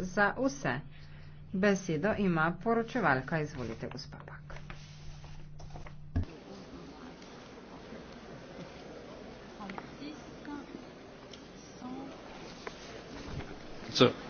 za vse. Besedo ima poročevalka. Izvolite, gospa Pak. Hvala.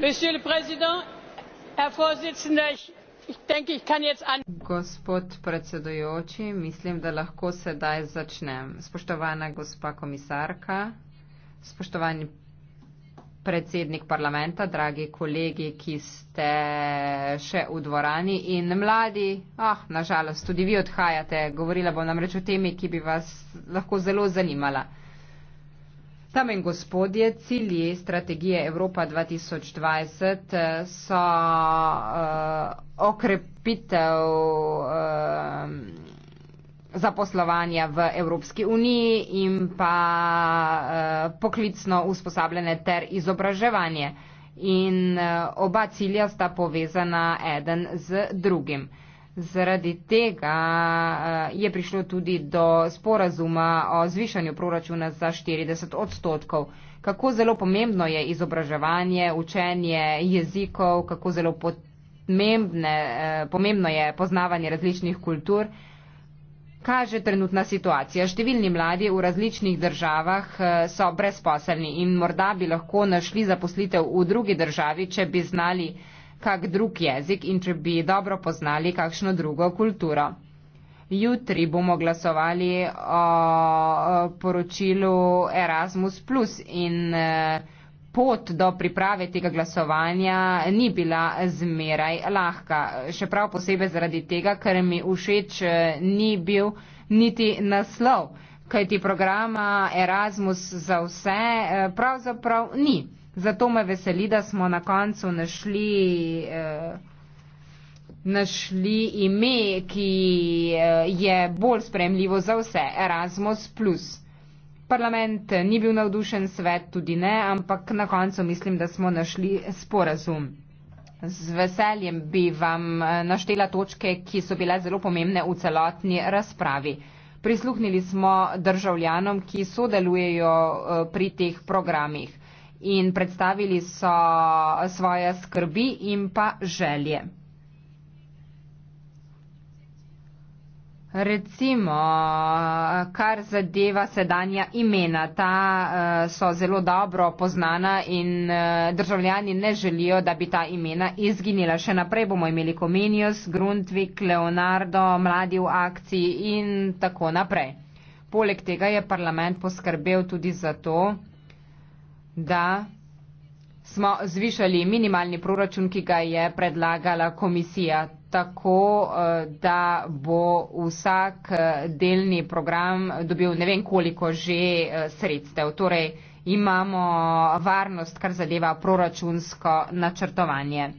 monsieur le président herr vorsitzender ich denke ich kann jetzt an gospod predsedujoči mislim da lahko sedaj začnem spoštovana gospa komisarka spoštovani predsednik parlamenta, dragi kolegi, ki ste še v dvorani in mladi, ah, nažalost, tudi vi odhajate, govorila bom namreč o temi, ki bi vas lahko zelo zanimala. Tam in gospodje, cilji strategije Evropa 2020 eh, so uh, okrepitev uh, zaposlovanja v Evropski uniji in pa eh, poklicno usposabljanje ter izobraževanje. In eh, oba cilja sta povezana eden z drugim. Zaradi tega eh, je prišlo tudi do sporazuma o zvišanju proračuna za 40 odstotkov. Kako zelo pomembno je izobraževanje, učenje jezikov, kako zelo eh, pomembno je poznavanje različnih kultur kaže trenutna situacija. Številni mladi v različnih državah eh, so brezposelni in morda bi lahko našli zaposlitev v drugi državi, če bi znali kak drug jezik in če bi dobro poznali kakšno drugo kulturo. Jutri bomo glasovali o poročilu Erasmus. In, eh, Pot do priprave tega glasovanja ni bila zmeraj lahka, še prav posebej zaradi tega, ker mi všeč eh, ni bil niti naslov, kajti programa Erasmus za vse eh, pravzaprav ni. Zato me veseli, da smo na koncu našli, eh, našli ime, ki je bolj spremljivo za vse, Erasmus. Parlament ni bil navdušen, svet tudi ne, ampak na koncu mislim, da smo našli sporazum. Z veseljem bi vam eh, naštela točke, ki so bile zelo pomembne v celotni razpravi. Prisluhnili smo državljanom, ki sodelujejo eh, pri teh programih in predstavili so eh, svoje skrbi in pa želje. Recimo, kar zadeva sedanja imena, ta eh, so zelo dobro poznana in eh, državljani ne želijo, da bi ta imena izginila. Še naprej bomo imeli Komenius, Grundvik, Leonardo, Mladi v akciji in tako naprej. Poleg tega je parlament poskrbel tudi za to, da smo zvišali minimalni proračun, ki ga je predlagala komisija tako, eh, da bo vsak eh, delni program dobil ne vem koliko že eh, sredstev. Torej imamo varnost, kar zadeva proračunsko načrtovanje.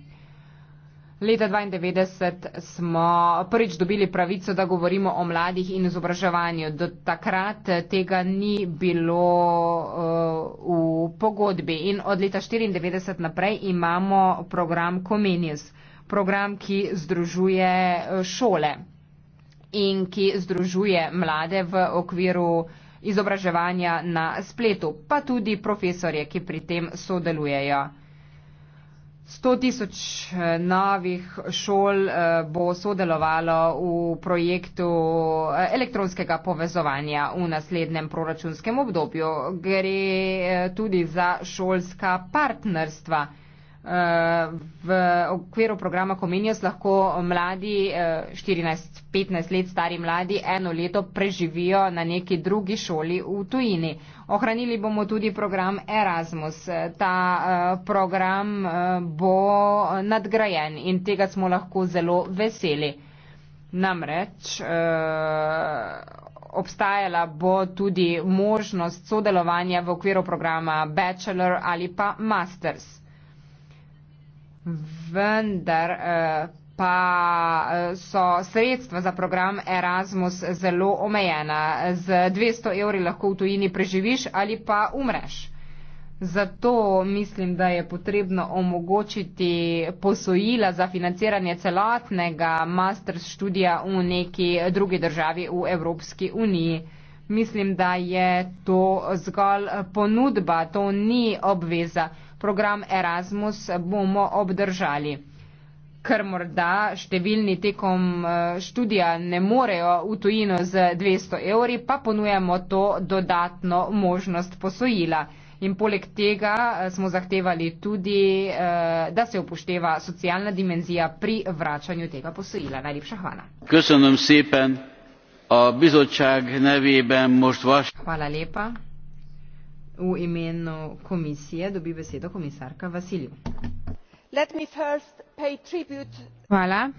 Leta 1992 smo prvič dobili pravico, da govorimo o mladih in izobraževanju. Do takrat tega ni bilo uh, v pogodbi in od leta 1994 naprej imamo program Comenius. Uh, program, ki združuje eh, šole in ki združuje mlade v okviru izobraževanja na spletu, pa tudi profesorje, ki pri tem sodelujejo. 100 tisoč eh, novih šol eh, bo sodelovalo v projektu elektronskega povezovanja v naslednjem proračunskem obdobju. Gre tudi za šolska partnerstva. V okviru programa Comenius lahko mladi, 14-15 eh, let stari mladi, eno leto preživijo na neki drugi šoli v tujini. Ohranili bomo tudi program Erasmus. Eh, ta eh, program bo nadgrajen in tega smo lahko zelo veseli. Namreč obstajala bo tudi možnost sodelovanja v okviru programa Bachelor ali pa Masters vendar eh, pa eh, so sredstva za program Erasmus zelo omejena. Z 200 evri lahko v tujini preživiš ali pa umreš. Zato mislim, da je potrebno omogočiti posojila za financiranje celotnega master študija v neki drugi državi v Evropski uniji. Mislim, da je to zgolj ponudba, to ni obveza program Erasmus bomo obdržali. Ker morda številni tekom eh, študija ne morejo v tujino z 200 evri, pa ponujamo to dodatno možnost posojila. In poleg tega eh, smo zahtevali tudi, eh, da se upošteva socialna dimenzija pri vračanju tega posojila. Najlepša hvala. Hvala lepa v imenu komisije dobi besedo komisarka Vasilju. Hvala.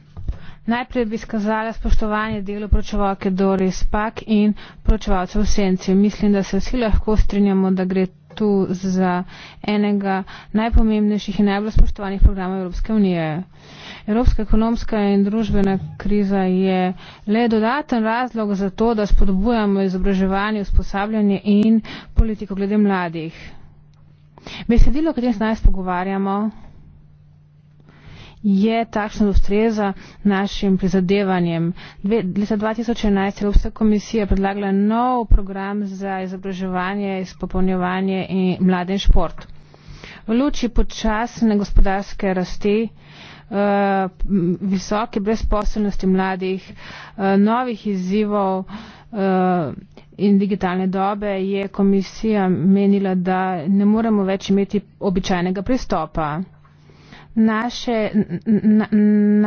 Najprej bi skazala spoštovanje delu pročevalke Doris Pak in pročevalcev v senci. Mislim, da se vsi lahko strinjamo, da gre mandatu za enega najpomembnejših in najbolj spoštovanih programov Evropske unije. Evropska ekonomska in družbena kriza je le dodaten razlog za to, da spodbujamo izobraževanje, usposabljanje in politiko glede mladih. Besedilo, o katerem se danes pogovarjamo, je takšna, da ustreza našim prizadevanjem. Dve, leta 2011 je Evropska komisija predlagala nov program za izobraževanje, izpopolnjevanje in mladen šport. V luči počasne gospodarske rasti, eh, visoke brezposobnosti mladih, eh, novih izzivov eh, in digitalne dobe je komisija menila, da ne moremo več imeti običajnega pristopa naše, na,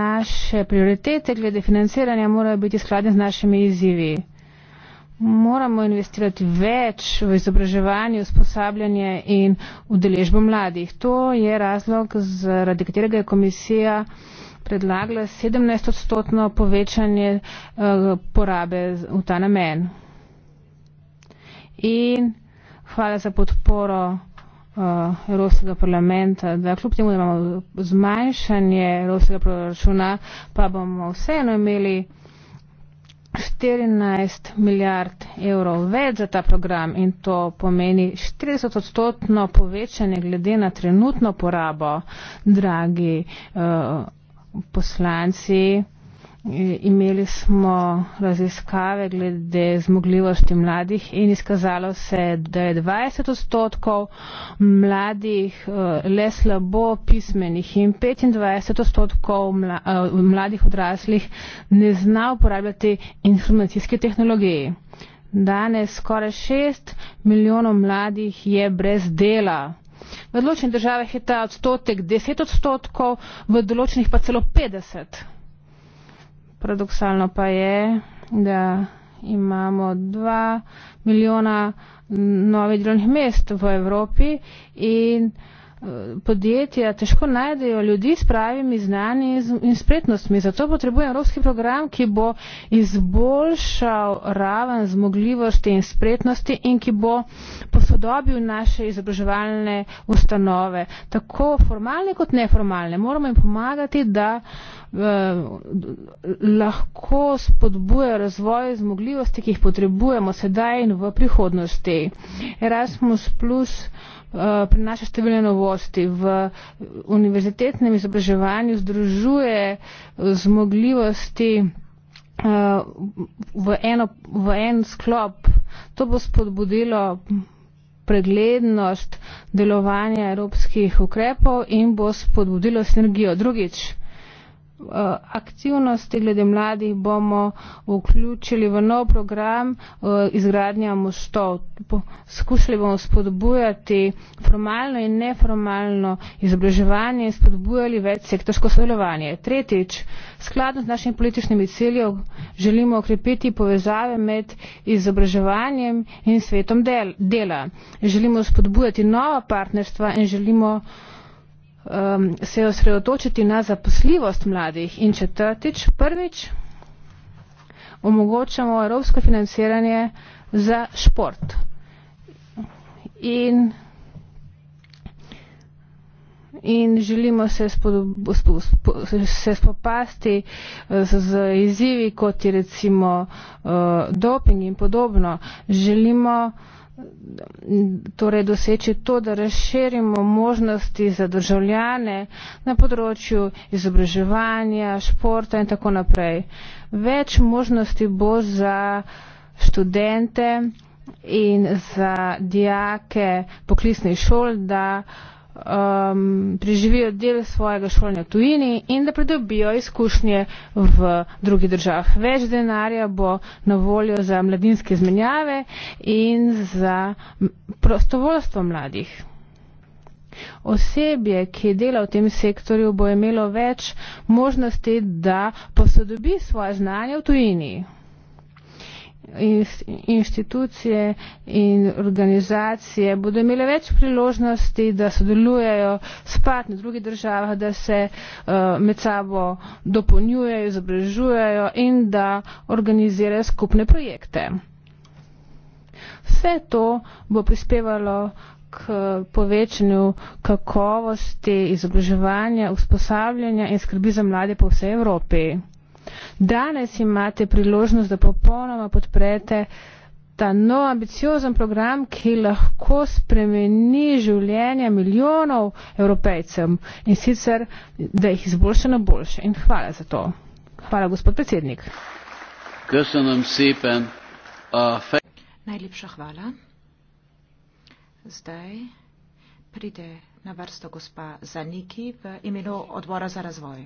naše prioritete glede financiranja morajo biti skladne z našimi izzivi. Moramo investirati več v izobraževanje, usposabljanje in udeležbo mladih. To je razlog, zaradi katerega je komisija predlagala 17-odstotno povečanje eh, porabe v ta namen. In hvala za podporo. Eh, evropskega parlamenta, da kljub temu, da imamo zmanjšanje Evropskega proračuna, pa bomo vseeno imeli 14 milijard evrov več za ta program in to pomeni 40 odstotno povečanje glede na trenutno porabo, dragi uh, poslanci. Imeli smo raziskave glede zmogljivosti mladih in izkazalo se, da je 20 odstotkov mladih eh, le slabo pismenih in 25 odstotkov eh, mladih odraslih ne zna uporabljati informacijske tehnologije. Danes skoraj 6 milijonov mladih je brez dela. V določenih državah je ta odstotek 10 odstotkov, v določenih pa celo 50 odstotkov paradoksalno pa je, da imamo dva milijona novih delovnih mest v Evropi in eh, podjetja težko najdejo ljudi s pravimi znani in spretnostmi. Zato potrebujem evropski program, ki bo izboljšal raven zmogljivosti in spretnosti in ki bo posodobil naše izobraževalne ustanove, tako formalne kot neformalne. Moramo jim pomagati, da uh, Eh, lahko spodbuja razvoj zmogljivosti, ki jih potrebujemo sedaj in v prihodnosti. Erasmus Plus eh, prinaša številne novosti. V univerzitetnem izobraževanju združuje eh, zmogljivosti v, eno, v en sklop. To bo spodbudilo preglednost delovanja evropskih ukrepov in bo spodbudilo sinergijo. Drugič, Eh, aktivnosti glede mladih bomo vključili v nov program eh, izgradnja mostov. Skušali bomo spodbujati formalno in neformalno izobraževanje in spodbujali več sektorsko sodelovanje. Tretjič, skladno z našimi političnimi ciljev želimo okrepiti povezave med izobraževanjem in svetom del dela. Želimo spodbujati nova partnerstva in želimo um, se osredotočiti na zaposljivost mladih in četrtič, prvič, omogočamo evropsko financiranje za šport. In, in želimo se, spodob, se spopasti eh, z, z izzivi, kot je recimo uh, doping in podobno. Želimo uh, torej doseči to, da razširimo možnosti za državljane na področju izobraževanja, športa in tako naprej. Več možnosti bo za študente in za dijake poklicnih šol, da um, preživijo del svojega šolanja v tujini in da pridobijo izkušnje v drugih državah. Več denarja bo na voljo za mladinske zmenjave in za prostovoljstvo mladih. Osebje, ki dela v tem sektorju, bo imelo več možnosti, da posodobi svoje znanje v tujini inštitucije in organizacije bodo imele več priložnosti, da sodelujejo s partnerji drugih držav, da se eh, med sabo dopolnjujejo, izobražujejo in da organizirajo skupne projekte. Vse to bo prispevalo k povečanju kakovosti izobraževanja, usposabljanja in skrbi za mlade po vsej Evropi. Danes imate priložnost, da popolnoma podprete ta nov ambiciozen program, ki lahko spremeni življenja milijonov evropejcem in sicer, da jih izboljša na boljše. In hvala za to. Hvala, gospod predsednik. Najlepša hvala. Zdaj pride na vrsto gospa Zaniki v imenu odbora za razvoj.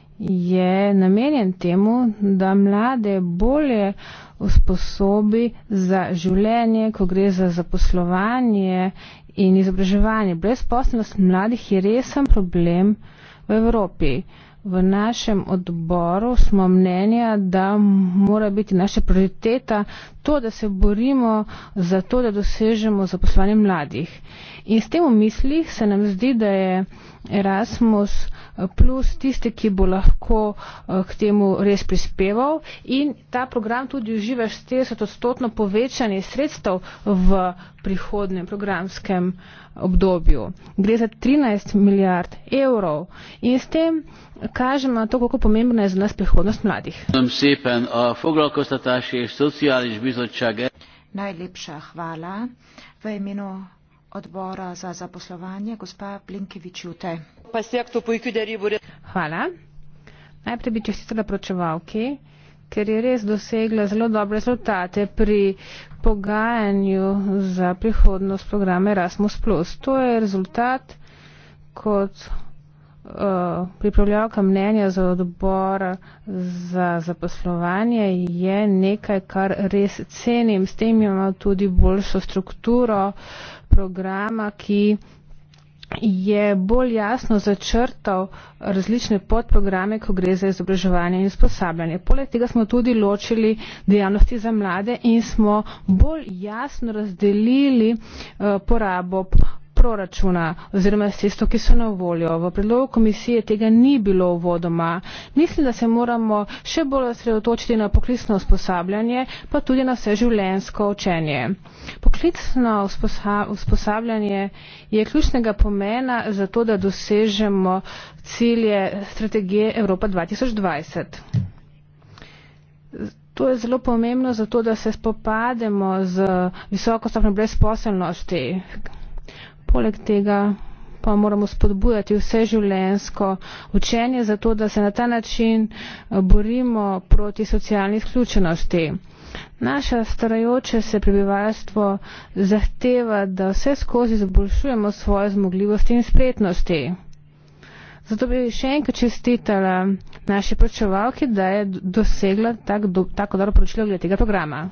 je namenjen temu, da mlade bolje usposobi za življenje, ko gre za zaposlovanje in izobraževanje. Brezposobnost mladih je resen problem v Evropi. V našem odboru smo mnenja, da mora biti naša prioriteta to, da se borimo za to, da dosežemo zaposlovanje mladih. In s tem v mislih se nam zdi, da je Erasmus plus tiste, ki bo lahko eh, k temu res prispeval in ta program tudi uživa 40-odstotno povečanje sredstev v prihodnem programskem obdobju. Gre za 13 milijard evrov in s tem kažemo na to, kako pomembna je za nas prihodnost mladih. E- Najlepša hvala v imenu odbora za zaposlovanje, gospa Blinkevičute. Hvala. Najprej bi čestitela pročevalki. Okay? ker je res dosegla zelo dobre rezultate pri pogajanju za prihodnost programa Erasmus. To je rezultat kot uh, pripravljavka mnenja za odbor za zaposlovanje je nekaj, kar res cenim. S tem imamo tudi boljšo strukturo programa, ki je bolj jasno začrtal različne podprograme, ko gre za izobraževanje in usposabljanje. Poleg tega smo tudi ločili dejavnosti za mlade in smo bolj jasno razdelili uh, porabo uh, proračuna oziroma sredstev, ki so na voljo. V predlogu komisije tega ni bilo uvodoma. Mislim, da se moramo še bolj sredotočiti na poklicno usposabljanje, pa tudi na vse življensko učenje. Poklicno usposabljanje je ključnega pomena za to, da dosežemo cilje strategije Evropa 2020. To je zelo pomembno zato, da se spopademo z visoko stopnjo brezposelnosti, poleg tega pa moramo spodbujati vseživljensko učenje, zato da se na ta način eh, borimo proti socialni izključenosti. Naše starajoče se prebivalstvo zahteva, da vse skozi zboljšujemo svoje zmogljivosti in spretnosti. Zato bi še enkrat čestitala naši pročevalki, da je dosegla tako, do, tako dobro poročilo glede tega programa.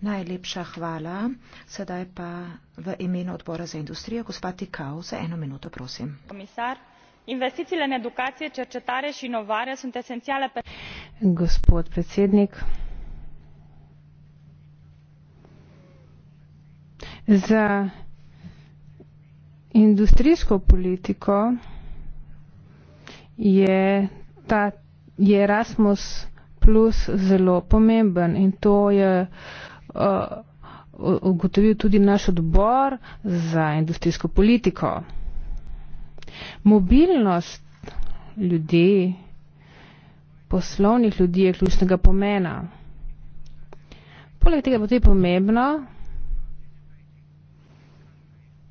Najlepša hvala. Sedaj pa v imenu odbora za industrijo, gospod Tikao, za eno minuto, prosim. Komisar, investicije in edukacije, črčetare, šinovare so esencijale. Gospod predsednik. Za industrijsko politiko je, ta, je Erasmus plus zelo pomemben in to je Eh, ugotovil tudi naš odbor za industrijsko politiko. Mobilnost ljudi, poslovnih ljudi je ključnega pomena. Poleg tega pa to je pomembno,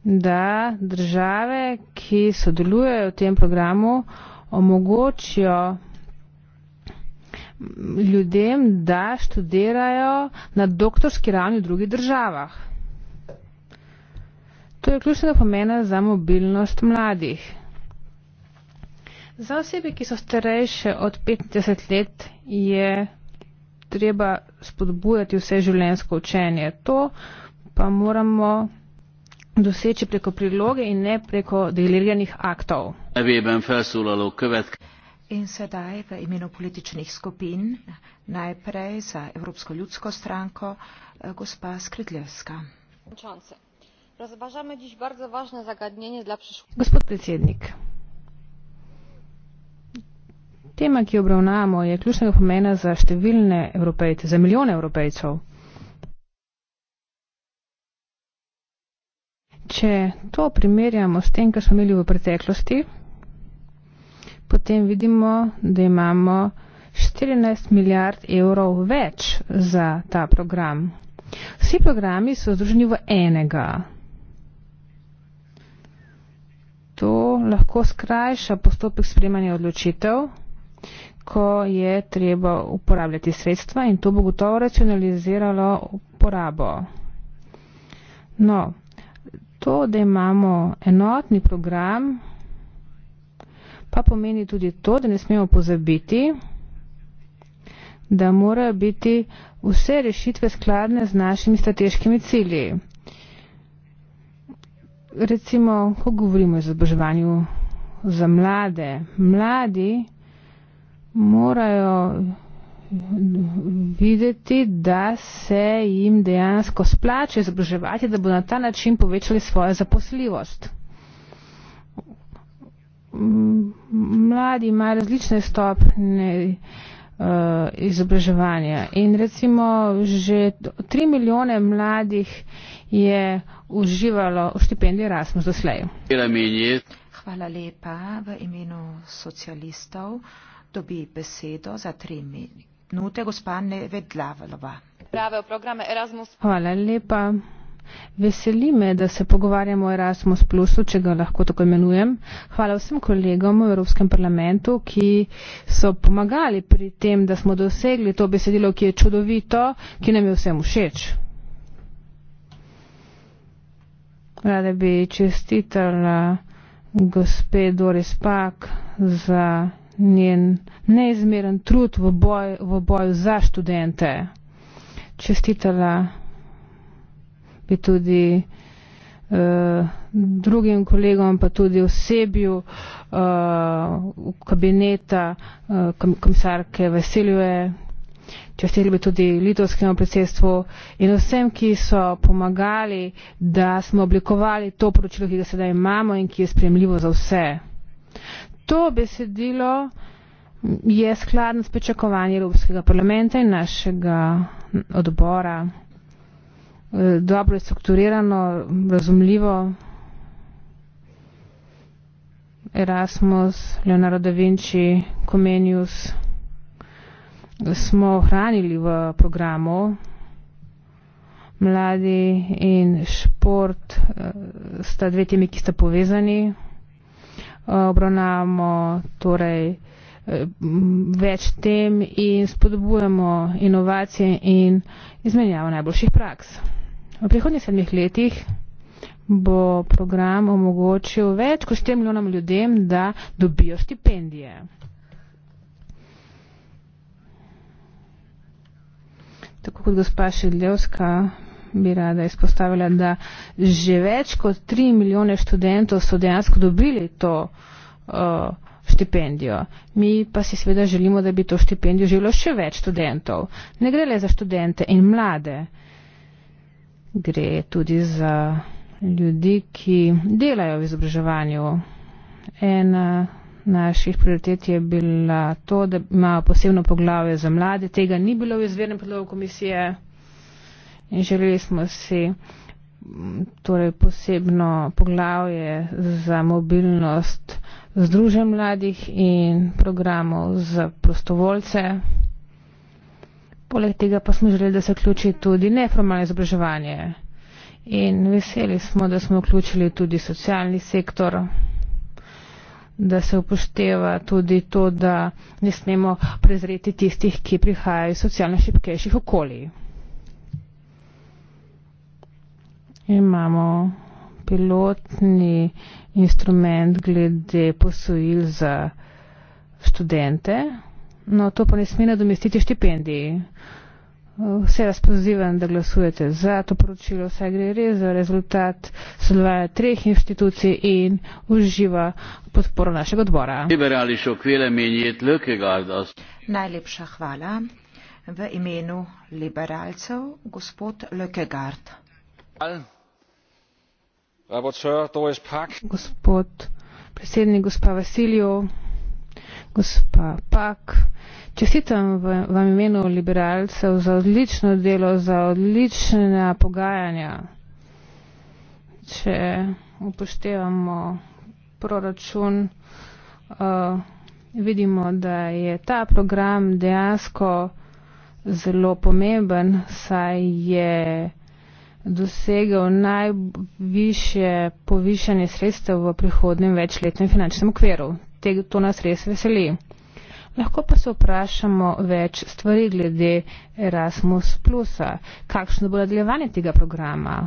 da države, ki sodelujejo v tem programu, omogočijo ljudem, da študirajo na doktorski ravni v drugih državah. To je ključnega pomena za mobilnost mladih. Za osebe, ki so starejše od 50 let, je treba spodbujati vse življensko učenje. To pa moramo doseči preko priloge in ne preko deliranih aktov. Ebeben, felszólaló, követke. In sedaj v imenu političnih skupin, najprej za Evropsko ljudsko stranko, eh, gospa Skridljevska. Gospod predsednik, tema, ki jo obravnavamo, je ključnega pomena za številne evropejce, za milijone evropejcev. Če to primerjamo s tem, kar smo imeli v preteklosti, potem vidimo, da imamo 14 milijard evrov več za ta program. Vsi programi so združeni v enega. To lahko skrajša postopek sprejemanja odločitev, ko je treba uporabljati sredstva in to bo gotovo racionaliziralo uporabo. No, to, da imamo enotni program, pa pomeni tudi to, da ne smemo pozabiti, da morajo biti vse rešitve skladne z našimi strateškimi cilji. Recimo, ko govorimo o izobraževanju za mlade, mladi morajo videti, da se jim dejansko splače izobraževati, da bo na ta način povečali svojo zaposljivost mladi ima različne stopne eh, izobraževanja in recimo že 3 milijone mladih je uživalo v štipendiji Erasmus doslej. Hvala lepa v imenu socialistov. Dobi besedo za 3 minute gospa Nevedlavalova. Hvala lepa. Veseli me, da se pogovarjamo o Erasmus Plusu, če ga lahko tako imenujem. Hvala vsem kolegom v Evropskem parlamentu, ki so pomagali pri tem, da smo dosegli to besedilo, ki je čudovito, ki nam je vsem všeč. Rada bi čestitala gospe Doris Pak za njen neizmeren trud v, boj, v boju za študente. Čestitala bi tudi uh, drugim kolegom, pa tudi osebju uh, kabineta uh, komisarke Veseljuje, čestitili bi tudi litovskemu predsedstvu in vsem, ki so pomagali, da smo oblikovali to poročilo, ki ga sedaj imamo in ki je spremljivo za vse. To besedilo je skladno s pričakovanji Evropskega parlamenta in našega odbora. Eh, dobro je strukturirano, razumljivo. Erasmus, Leonardo da Vinci, Comenius smo ohranili v programu. Mladi in šport eh, sta dve temi, ki sta povezani. Eh, obravnavamo torej več tem in spodbujamo inovacije in izmenjavo najboljših praks. V prihodnjih sedmih letih bo program omogočil več kot 4 milijonom ljudem, da dobijo štipendije. Tako kot gospa Šedljevska bi rada izpostavila, da že več kot 3 milijone študentov so dejansko dobili to uh, štipendijo. Mi pa si seveda želimo, da bi to štipendijo želo še več študentov. Ne gre le za študente in mlade. Uh, gre tudi za ljudi, ki delajo v izobraževanju. Ena naših prioritet je bila to, da ima posebno poglavje za mlade. Tega ni bilo v izvirnem predlogu komisije in želeli smo si torej posebno poglavje za mobilnost združen mladih in programov za prostovoljce. Poleg tega pa smo želeli, da se vključi tudi neformalno izobraževanje. In veseli smo, da smo vključili tudi socialni sektor, da se upošteva tudi to, da ne smemo prezreti tistih, ki prihajajo iz socialno šipkejših okolij. Imamo pilotni instrument glede posojil za študente no to pa ne sme nadomestiti štipendiji. Vse vas pozivam, da glasujete za to poročilo, saj gre res za rezultat sodelovanja treh inštitucij in uživa podporo našega odbora. Najlepša hvala. V imenu liberalcev, gospod Lökegard. Gospod predsednik, gospa Vasiljo, gospa Pak. Čestitam vam imenu liberalcev za odlično delo, za odlična pogajanja. Če upoštevamo proračun, eh, vidimo, da je ta program dejansko zelo pomemben, saj je dosegel najvišje povišanje sredstev v prihodnem večletnem finančnem okviru te, to nas res veseli. Lahko pa se vprašamo več stvari glede Erasmus plusa. Kakšno bo nadaljevanje tega programa?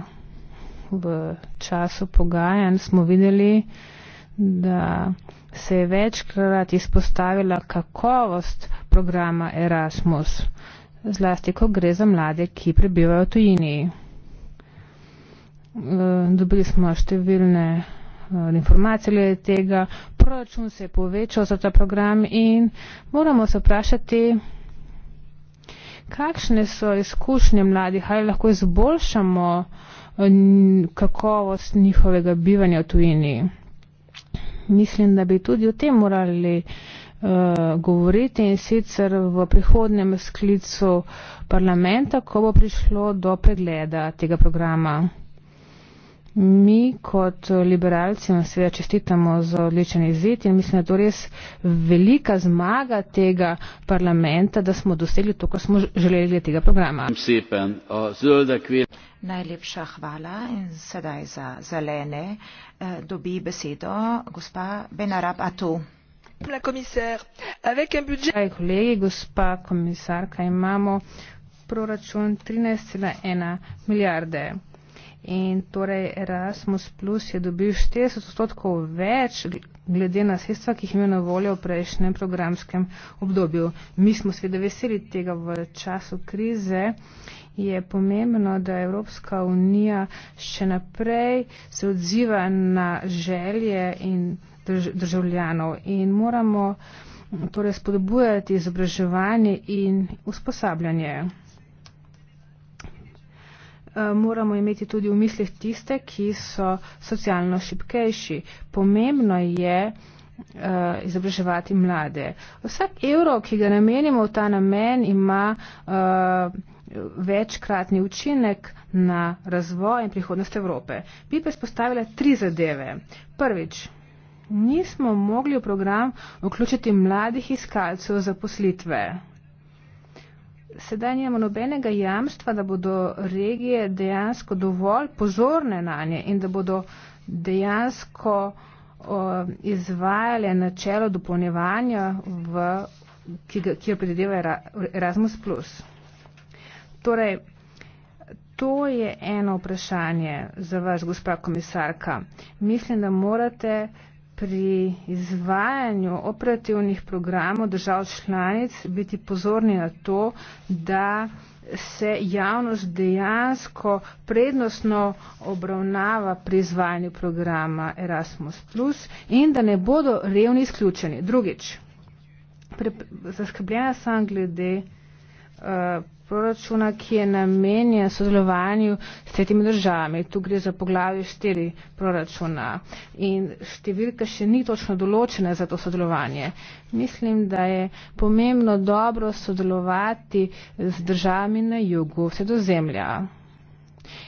V času pogajanj smo videli, da se je večkrat izpostavila kakovost programa Erasmus, zlasti ko gre za mlade, ki prebivajo v tujini. Dobili smo številne Eh, informacij glede tega, proračun se je povečal za ta program in moramo se vprašati, kakšne so izkušnje mladih, ali lahko izboljšamo eh, kakovost njihovega bivanja v tujini. Mislim, da bi tudi o tem morali eh, govoriti in sicer v prihodnem sklicu parlamenta, ko bo prišlo do pregleda tega programa. Mi kot liberalci nam seveda čestitamo za odličen izid in mislim, da je to res velika zmaga tega parlamenta, da smo dosegli to, kar smo želeli tega programa. Najlepša hvala in sedaj za zelene eh, dobi besedo gospa Benarab Atu. Hvala, kolegi, gospa komisarka, imamo proračun 13,1 milijarde. In torej Erasmus Plus je dobil 40 odstotkov več glede na sredstva, ki jih je imel na voljo v prejšnjem programskem obdobju. Mi smo seveda veseli tega v času krize. Je pomembno, da Evropska unija še naprej se odziva na želje in drž državljanov in moramo torej spodbujati izobraževanje in usposabljanje. Eh, moramo imeti tudi v mislih tiste, ki so socialno šipkejši. Pomembno je eh, izobraževati mlade. Vsak evro, ki ga namenimo v ta namen, ima eh, večkratni učinek na razvoj in prihodnost Evrope. Bi pa izpostavila tri zadeve. Prvič, nismo mogli v program vključiti mladih iskalcev za poslitve sedaj nimamo nobenega jamstva, da bodo regije dejansko dovolj pozorne na nje in da bodo dejansko o, izvajale načelo dopolnjevanja, v, ki, ga, ki jo predvideva Erasmus. Torej, to je eno vprašanje za vas, gospa komisarka. Mislim, da morate pri izvajanju operativnih programov držav članic biti pozorni na to, da se javnost dejansko prednostno obravnava pri izvajanju programa Erasmus, in da ne bodo revni izključeni. Drugič, zaskrbljena sem glede uh, proračuna, ki je namenjen sodelovanju s tretjimi državami. Tu gre za poglavje štiri proračuna in številka še ni točno določena za to sodelovanje. Mislim, da je pomembno dobro sodelovati z državami na jugu, vse do zemlja.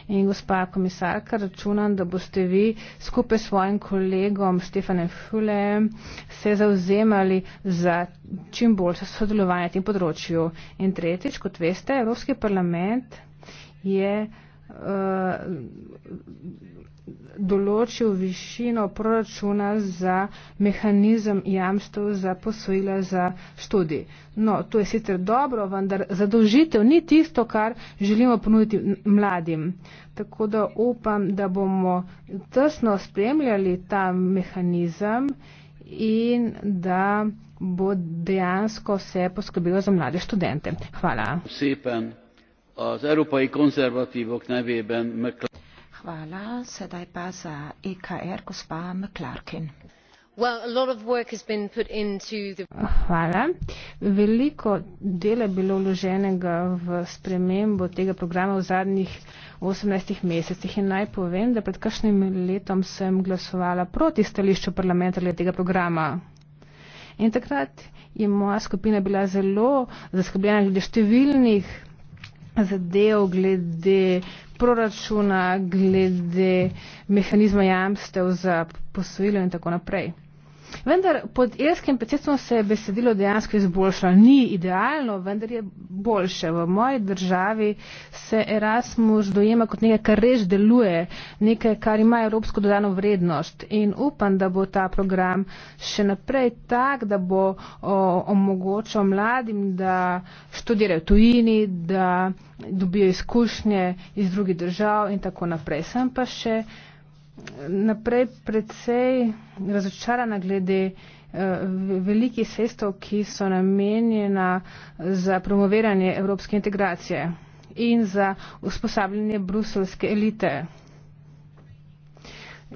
In gospa komisarka, računam, da boste vi skupaj s svojim kolegom Stefanem Fulem se zauzemali za čim boljše sodelovanje na tem področju. In tretjič, kot veste, Evropski parlament je Eh, določil višino proračuna za mehanizem jamstv za posojila za študij. No, to je sicer dobro, vendar zadolžitev ni tisto, kar želimo ponuditi mladim. Tako da upam, da bomo tesno spremljali ta mehanizem in da bo dejansko se poskrbelo za mlade študente. Hvala. Vsepen az európai konzervatívok nevében McClarkin. Hvala, sedaj pa za EKR, gospa McClarkin. Hvala. Veliko dela je bilo vloženega v spremembo tega programa v zadnjih 18 mesecih in naj povem, da pred kakšnim letom sem glasovala proti stališču parlamenta glede tega programa. In takrat je moja skupina bila zelo zaskrbljena glede številnih zadev, glede proračuna, glede mehanizma jamstev za posojilo in tako naprej. Vendar pod irskim predsedstvom se je besedilo dejansko izboljšalo. Ni idealno, vendar je boljše. V moji državi se Erasmus dojema kot nekaj, kar res deluje, nekaj, kar ima evropsko dodano vrednost. In upam, da bo ta program še naprej tak, da bo o, omogočal mladim, da študirajo tujini, da dobijo izkušnje iz drugih držav in tako naprej. Sem pa še naprej predvsej razočarana glede eh, velikih sestov, ki so namenjena za promoviranje evropske integracije in za usposabljanje bruselske elite.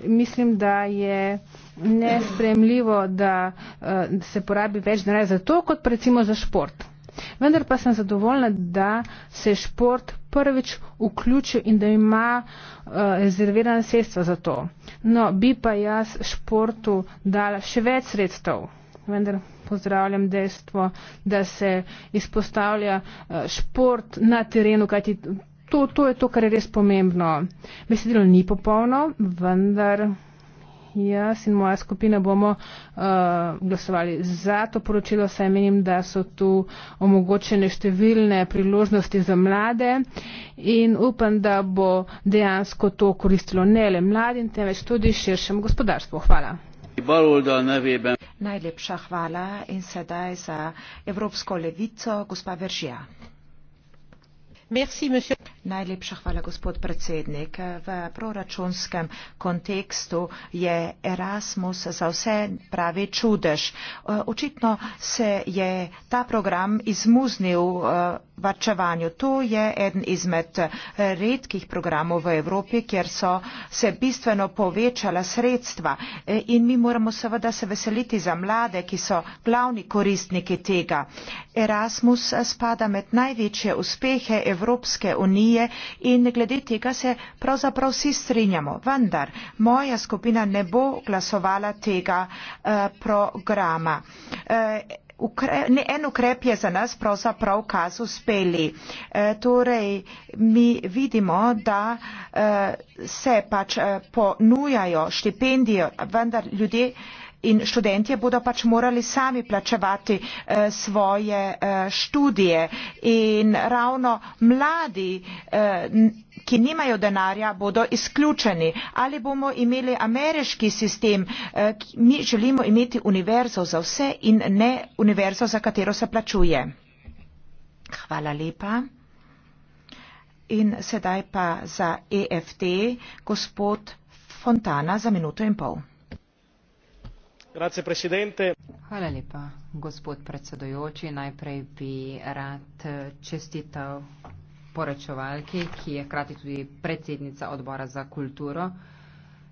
Mislim, da je nespremljivo, da eh, se porabi več denarja za to, kot recimo za šport. Vendar pa sem zadovoljna, da se šport prvič vključil in da ima eh, rezervirane sredstva za to. No, bi pa jaz športu dala še več sredstev, vendar pozdravljam dejstvo, da se izpostavlja eh, šport na terenu, kajti to, to je to, kar je res pomembno. Besedilo ni popolno, vendar. Jaz in moja skupina bomo uh, glasovali za to poročilo, saj menim, da so tu omogočene številne priložnosti za mlade in upam, da bo dejansko to koristilo ne le mladim, temveč tudi širšemu gospodarstvu. Hvala. Najlepša hvala in sedaj za Evropsko levico, gospa Veržija. Najlepša hvala, gospod predsednik. V proračunskem kontekstu je Erasmus za vse pravi čudež. E, očitno se je ta program izmuznil e, varčevanju. To je eden izmed redkih programov v Evropi, kjer so se bistveno povečala sredstva. E, in mi moramo seveda se veseliti za mlade, ki so glavni koristniki tega. Erasmus spada med največje uspehe Evropske unije unije in glede tega se pravzaprav vsi strinjamo. Vendar moja skupina ne bo glasovala tega eh, programa. Eh, ukre, en ukrep je za nas pravzaprav kaz uspeli. E, eh, torej, mi vidimo, da e, se pač e, ponujajo štipendije, vendar ljudje. E, in študentje bodo pač morali sami plačevati eh, svoje eh, študije in ravno mladi eh, ki nimajo denarja, bodo izključeni. Ali bomo imeli ameriški sistem, mi želimo imeti univerzo za vse in ne univerzo, za katero se plačuje. Hvala lepa. In sedaj pa za EFT gospod Fontana za minuto in pol. Hvala lepa, gospod predsedojoči. Najprej bi rad čestital poročevalki, ki je hkrati tudi predsednica odbora za kulturo.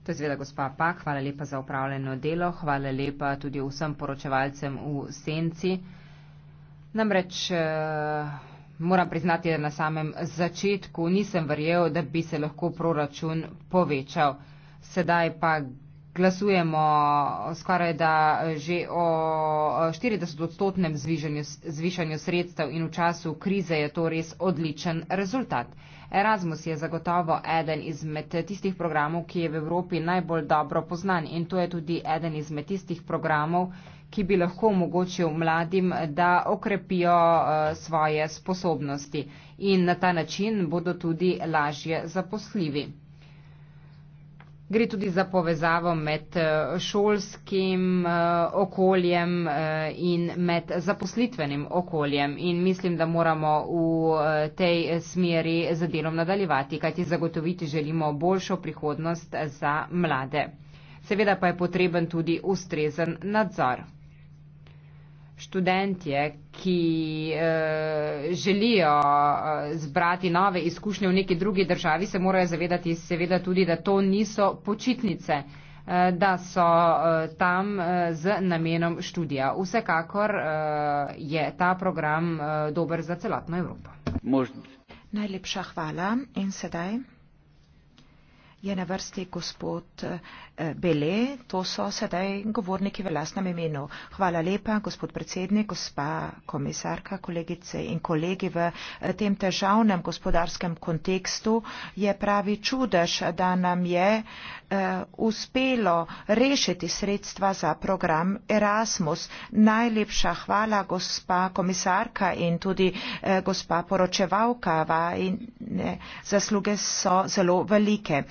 To je zveda gospa Pak. Hvala lepa za upravljeno delo. Hvala lepa tudi vsem poročevalcem v senci. Namreč eh, moram priznati, da na samem začetku nisem verjel, da bi se lahko proračun povečal. Sedaj pa glasujemo skoraj da že o 40-odstotnem zvišanju sredstev in v času krize je to res odličen rezultat. Erasmus je zagotovo eden izmed tistih programov, ki je v Evropi najbolj dobro poznan in to je tudi eden izmed tistih programov, ki bi lahko omogočil mladim, da okrepijo eh, svoje sposobnosti in na ta način bodo tudi lažje zaposljivi. Gre tudi za povezavo med eh, šolskim eh, okoljem eh, in med zaposlitvenim okoljem in mislim, da moramo v tej smeri za delom nadaljevati, kajti zagotoviti želimo boljšo prihodnost za mlade. Seveda pa je potreben tudi ustrezen nadzor študentje, ki eh, želijo eh, zbrati nove izkušnje v neki drugi državi, se morajo zavedati seveda tudi, da to niso počitnice, eh, da so eh, tam eh, z namenom študija. Vsekakor eh, je ta program eh, dober za celotno Evropo. Možno. Najlepša hvala in sedaj je na vrsti gospod. Eh, Bele, to so sedaj govorniki v lasnem imenu. Hvala lepa, gospod predsednik, gospa komisarka, kolegice in kolegi. V eh, tem težavnem gospodarskem kontekstu je pravi čudež, da nam je eh, uspelo rešiti sredstva za program Erasmus. Najlepša hvala, gospa komisarka in tudi eh, gospa poročevalka. Zasluge so zelo velike.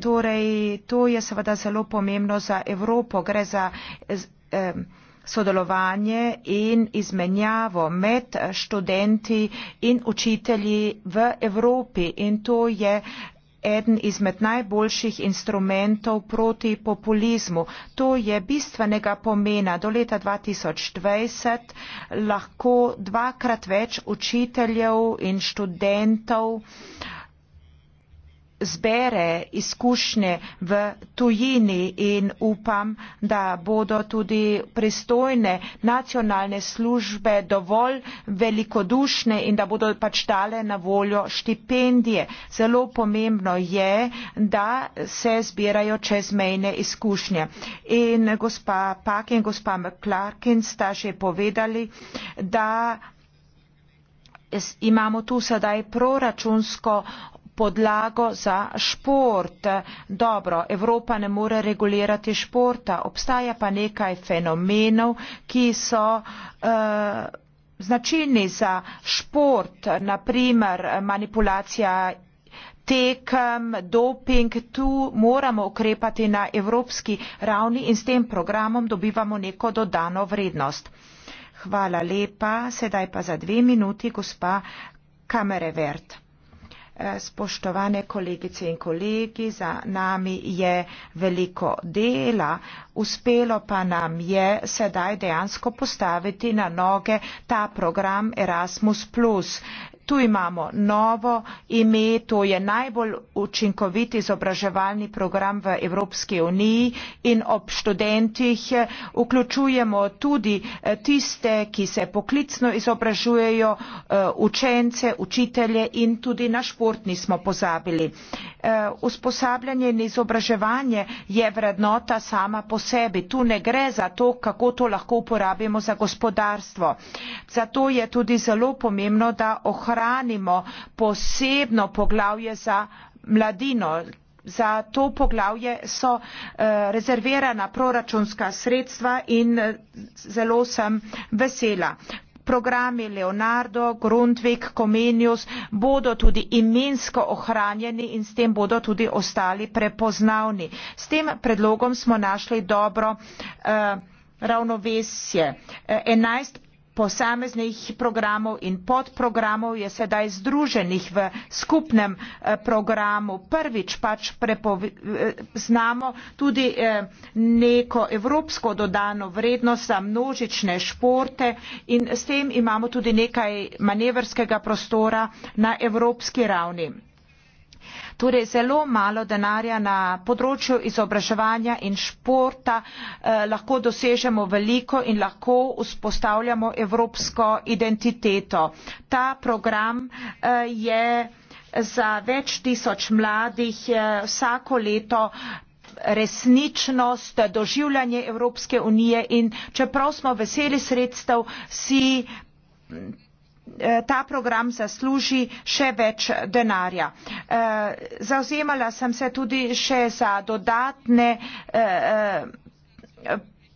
Torej, to seveda zelo pomembno za Evropo. Gre za sodelovanje in izmenjavo med študenti in učitelji v Evropi in to je eden izmed najboljših instrumentov proti populizmu. To je bistvenega pomena. Do leta 2020 lahko dvakrat več učiteljev in študentov uh, zbere izkušnje v tujini in upam, da bodo tudi pristojne nacionalne službe dovolj velikodušne in da bodo pač dale na voljo štipendije. Zelo pomembno je, da se zbirajo čezmejne izkušnje. In gospa Pak in gospa McClarkin sta že povedali, da imamo tu sedaj proračunsko podlago za šport. Dobro, Evropa ne more regulirati športa, obstaja pa nekaj fenomenov, ki so uh, značilni za šport, naprimer manipulacija tekem, doping, tu moramo ukrepati na evropski ravni in s tem programom dobivamo neko dodano vrednost. Hvala lepa, sedaj pa za dve minuti gospa Kamerevert spoštovane kolegice in kolegi, za nami je veliko dela, uspelo pa nam je sedaj dejansko postaviti na noge ta program Erasmus tu imamo novo ime to je najbolj učinkovit izobraževalni program v evropski uniji in ob študentih eh, vključujemo tudi eh, tiste ki se poklicno izobražujejo eh, učence učitelje in tudi na šport nismo pozabili. usposabljanje in izobraževanje je vrednota sama po sebi tu ne gre za to kako to lahko uporabimo za gospodarstvo zato je tudi zelo pomembno da ohranimo ohranimo posebno poglavje za mladino za to poglavje so eh, rezervirana proračunska sredstva in eh, zelo sem vesela programi Leonardo, Grundvik, Comenius bodo tudi imensko ohranjeni in s tem bodo tudi ostali prepoznavni. S tem predlogom smo našli dobro eh, ravnovesje. Eh, enajst posameznih programov in podprogramov je sedaj združenih v skupnem eh, programu. Prvič pač prepovi, eh, znamo tudi eh, neko evropsko dodano vrednost za množične športe in s tem imamo tudi nekaj manevrskega prostora na evropski ravni torej zelo malo denarja na področju izobraževanja in športa eh, lahko dosežemo veliko in lahko vzpostavljamo evropsko identiteto. Ta program eh, je za več tisoč mladih eh, vsako leto resničnost, doživljanje Evropske unije in čeprav smo veseli sredstev, si Eh, ta program zasluži še več denarja. Eh, Zauzemala sem se tudi še za dodatne eh,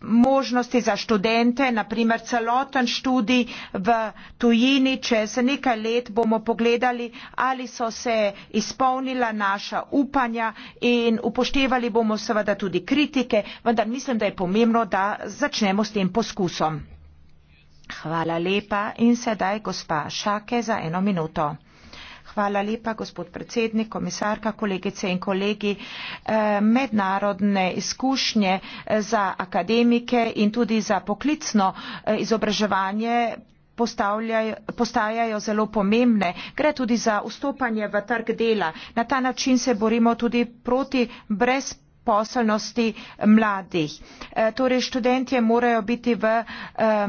možnosti za študente, naprimer celoten študij v tujini, čez nekaj let bomo pogledali, ali so se izpolnila naša upanja in upoštevali bomo seveda tudi kritike, vendar mislim, da je pomembno, da začnemo s tem poskusom. Hvala lepa in sedaj gospa Šake za eno minuto. Hvala lepa, gospod predsednik, komisarka, kolegice in kolegi. Eh, mednarodne izkušnje eh, za akademike in tudi za poklicno eh, izobraževanje postajajo zelo pomembne. Gre tudi za vstopanje v trg dela. Na ta način se borimo tudi proti brez poselnosti mladih. Torej študentje morajo biti v eh,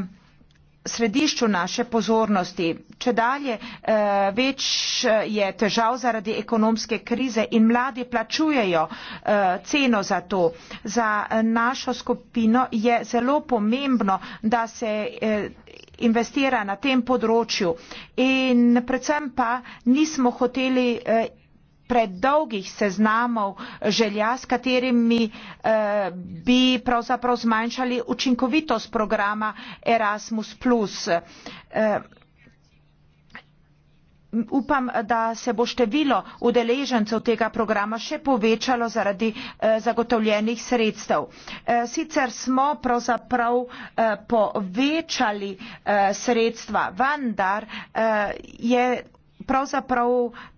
središču naše pozornosti. Če dalje eh, več eh, je težav zaradi ekonomske krize in mladi plačujejo eh, ceno za to. Za našo skupino je zelo pomembno, da se investira na tem področju in predvsem pa nismo hoteli predolgih seznamov želja, s katerimi eh, bi pravzaprav zmanjšali učinkovitost programa Erasmus. Eh, upam, da se bo število udeležencev tega programa še povečalo zaradi eh, zagotovljenih sredstev. Sicer smo pravzaprav povečali sredstva, vendar je pravzaprav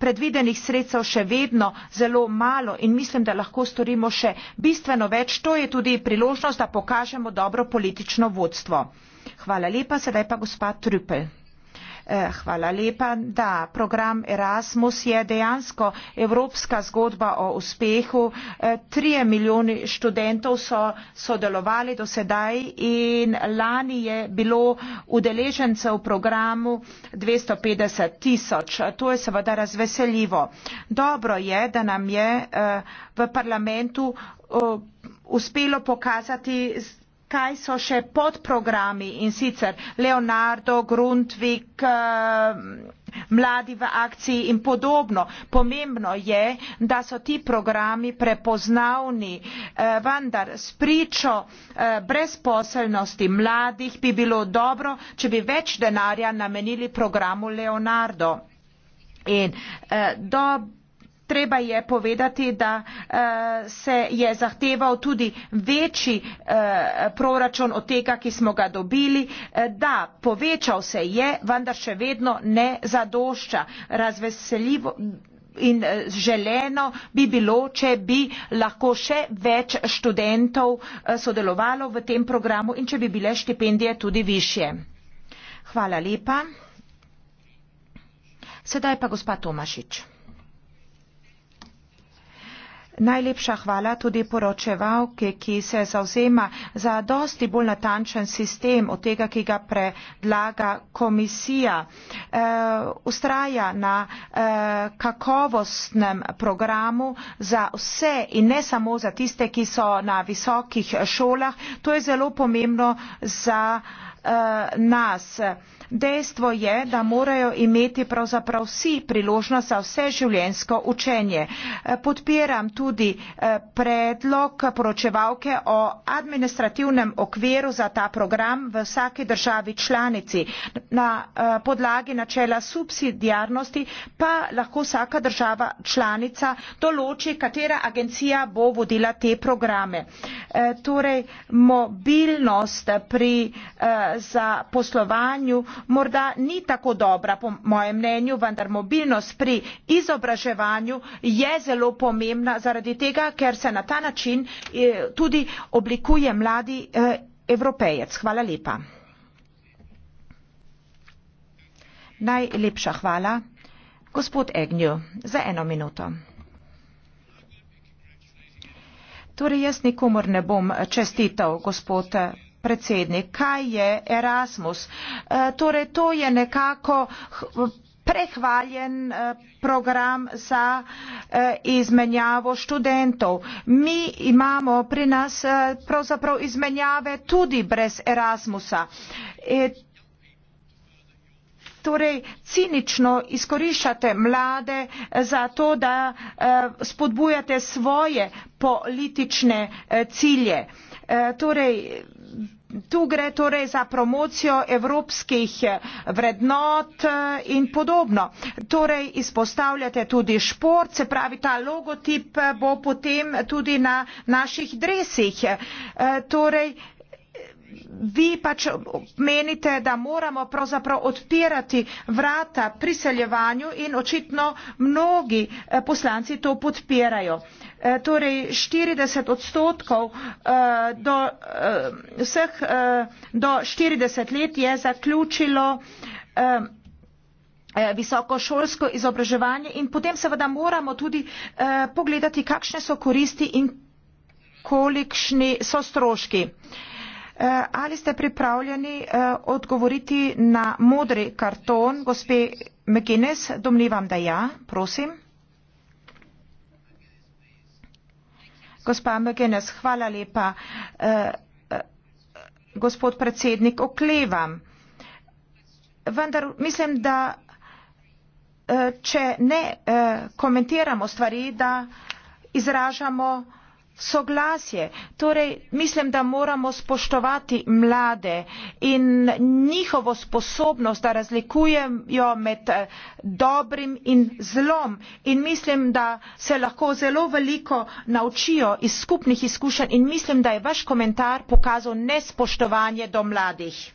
predvidenih sredstev še vedno zelo malo in mislim da lahko storimo še bistveno več to je tudi priložnost da pokažemo dobro politično vodstvo. Eh, hvala lepa. Da, program Erasmus je dejansko evropska zgodba o uspehu. Eh, trije milijoni študentov so sodelovali do sedaj in lani je bilo udeležencev v programu 250 tisoč. To je seveda razveseljivo. Dobro je, da nam je eh, v parlamentu uspelo pokazati kaj so še podprogrami in sicer Leonardo, Grundvik, eh, Mladi v akciji in podobno. Pomembno je, da so ti programi prepoznavni, eh, vendar s pričo eh, brezposelnosti mladih bi bilo dobro, če bi več denarja namenili programu Leonardo. In, dob Treba je povedati, da eh, se je zahteval tudi večji eh, proračun od tega, ki smo ga dobili. Eh, da, povečal se je, vendar še vedno ne zadošča. Razveseljivo in želeno bi bilo, če bi lahko še več študentov sodelovalo v tem programu in če bi bile štipendije tudi više. Hvala lepa. Sedaj pa gospa Tomašič. Najlepša hvala tudi poročevalki, ki se zauzema za dosti bolj natančen sistem od tega, ki ga predlaga komisija. E, ustraja na e, kakovostnem programu za vse in ne samo za tiste, ki so na visokih šolah. To je zelo pomembno za e, nas. E, dejstvo je da morajo imeti pravzaprav vsi priložnost za vseživljenjsko učenje. E, podpiram tudi e, predlog poročevalke o administrativnem okviru za ta program v vsaki državi članici na e, podlagi načela subsidiarnosti pa lahko vsaka država članica določi katera agencija bo vodila te programe. torej mobilnost pri zaposlovanju morda ni tako dobra po mojem mnenju vendar mobilnost pri izobraževanju je zelo pomembna zaradi tega ker se na ta način eh, tudi oblikuje mladi eh, evropejec. hvala lepa. najlepša hvala gospod Egnju za eno minuto. Torej jaz nikomor ne bom čestital, gospod predsednik, kaj je Erasmus. E, torej, to je nekako prehvaljen e, program za e, izmenjavo študentov. Mi imamo pri nas pravzaprav izmenjave tudi brez Erasmusa. Torej, cinično izkoriščate mlade za to, da spodbujate svoje politične cilje. Torej, tu gre torej za promocijo evropskih vrednot eh, in podobno. Torej izpostavljate tudi šport, se pravi, ta logotip eh, bo potem tudi na naših dresih. Eh, torej, vi pač menite, da moramo pravzaprav odpirati vrata priseljevanju in očitno mnogi poslanci to podpirajo. Eh, torej 40 odstotkov eh, do, eh, vseh do 40 let je zaključilo visokošolsko izobraževanje in potem seveda moramo tudi pogledati, kakšne so koristi in kolikšni so stroški. Ali ste pripravljeni odgovoriti na modri karton, gospe McGuinness, domnivam, da ja, prosim. Gospa Mögenes, hvala lepa. Eh, eh, gospod predsednik, oklevam. Vendar mislim, da eh, če ne komentiramo stvari, da izražamo soglasje. Torej, mislim, da moramo spoštovati mlade in njihovo sposobnost, da razlikujejo med eh, dobrim in zlom. In mislim, da se lahko zelo veliko naučijo iz skupnih izkušenj in mislim, da je vaš komentar pokazal nespoštovanje do mladih.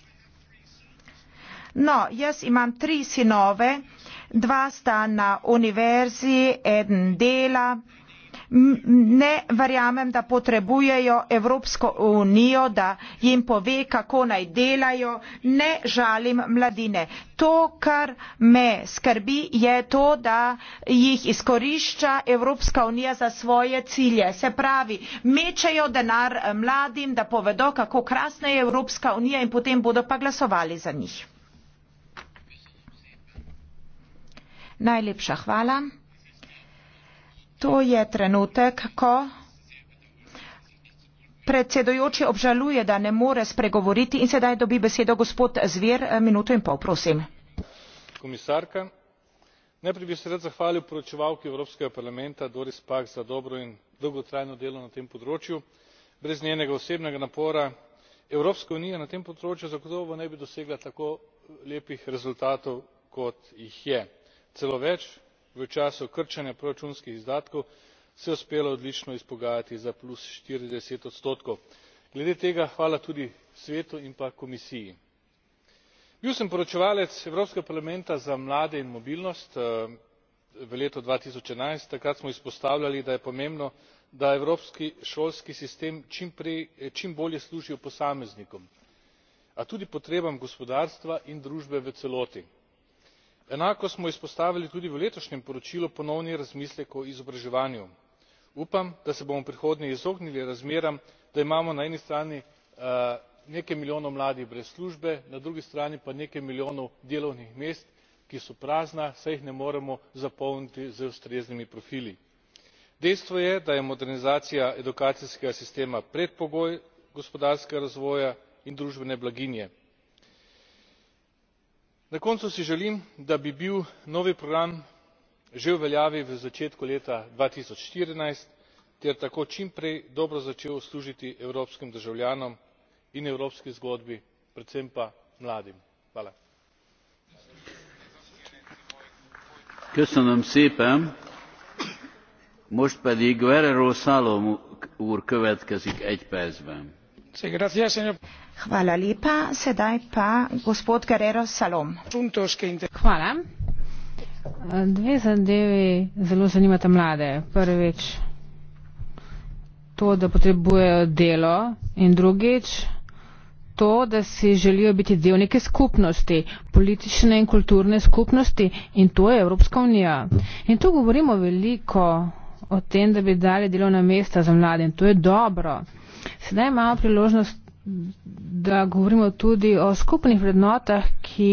No, jaz imam tri sinove, dva sta na univerzi, eden dela ne verjamem da potrebujejo evropsko unijo da jim pove kako naj delajo ne žalim mladine to kar me skrbi je to da jih izkorišča evropska unija za svoje cilje se pravi mečejo denar mladim da povedo kako krasna je evropska unija in potem bodo pa glasovali za njih najlepša hvala To je trenutek, ko predsedojoči obžaluje, da ne more spregovoriti in sedaj dobi besedo gospod Zver, eh, minuto in pol, prosim. Komisarka, najprej bi se rad zahvalil poročevalki Evropskega parlamenta Doris Pak za dobro in dolgotrajno delo na tem področju. Brez njenega osebnega napora Evropska unija na tem področju zagotovo ne bi dosegla tako lepih rezultatov, kot jih je. Celo več, v času krčenja proračunskih izdatkov se je uspelo odlično izpogajati za štirideset odstotkov. glede tega hvala tudi svetu in pa komisiji. bil sem poročevalec evropskega parlamenta za mlade in mobilnost eh, v letu dva tisoč enajst takrat smo izpostavljali da je pomembno da evropski šolski sistem čim eh, bolje služi posameznikom a tudi potrebam gospodarstva in družbe v celoti enako smo izpostavili tudi v letošnjem poročilu ponovni razmislek o izobraževanju. upam da se bomo v prihodnje izognili razmeram da imamo na eni strani eh, nekaj milijonov mladih brez službe na drugi strani pa nekaj milijonov delovnih mest ki so prazna saj jih ne moremo zapolniti z ustreznimi profili. dejstvo je da je modernizacija edukacijskega sistema predpogoj gospodarskega razvoja in družbene blaginje na koncu si želim da bi bil novi program že v veljavi v začetku leta dva tisoč štirinajst ter tako čim prej dobro začel služiti evropskim državljanom in evropski zgodbi predvsem pa mladim. Hvala lepa. Sedaj pa gospod Guerrero Salom. Hvala. Dve zadevi zelo zanimata mlade. Prvič, to, da potrebujejo delo in drugič, to, da si želijo biti del neke skupnosti, politične in kulturne skupnosti in to je Evropska unija. In tu govorimo veliko o tem, da bi dali delovna mesta za mlade in to je dobro. Sedaj imamo priložnost, da govorimo tudi o skupnih vrednotah, ki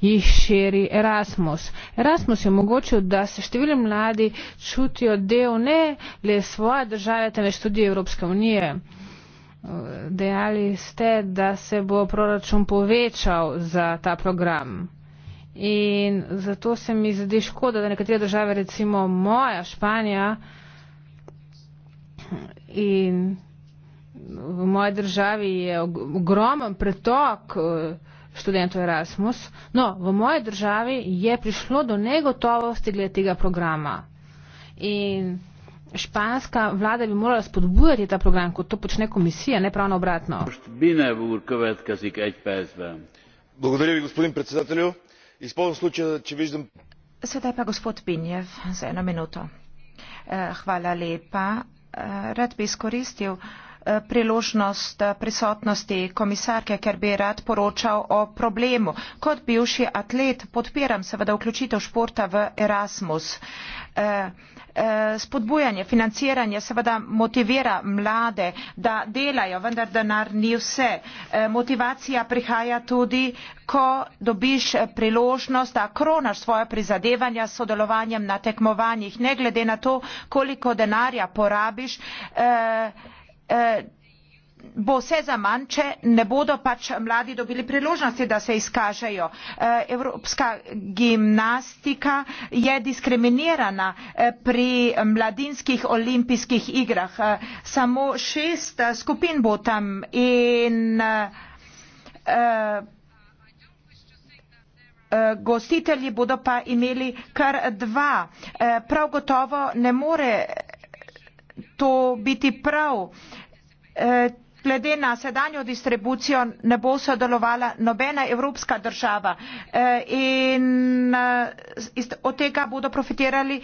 jih širi Erasmus. Erasmus je omogočil, da se številni mladi čutijo del ne le svoje države, temveč tudi Evropske unije. Dejali ste, da se bo proračun povečal za ta program. In zato se mi zdi škoda, da nekatere države, recimo moja Španija in v moji državi je ogromen pretok eh, študentov Erasmus. No, v moji državi je prišlo do negotovosti glede tega programa. In španska vlada bi morala spodbujati ta program, kot to počne komisija, ne pravno obratno. Благодаря ви, господин председателю. Използвам случая, че виждам. Сега е па господ Биньев за една минута. Хвала лепа. Ред би изкористил. Eh, priložnost eh, prisotnosti komisarke ker bi rad poročal o problemu kot bivši atlet podpiram seveda vključitev športa v erasmus eh, spodbujanje financiranje seveda motivira mlade da delajo vendar denar ni vse motivacija prihaja tudi ko dobiš priložnost da kronaš svoja prizadevanja s sodelovanjem na tekmovanjih ne glede na to koliko denarja porabiš Eh, bo vse zaman, če ne bodo pač mladi dobili priložnosti, da se izkažejo. Eh, evropska gimnastika je diskriminirana eh, pri mladinskih olimpijskih igrah. Samo šest skupin bo tam in gostitelji bodo pa imeli kar dva. Prav gotovo ne more to biti prav. Eh, glede na sedanjo distribucijo ne bo sodelovala nobena evropska država eh, in eh, od tega bodo profitirali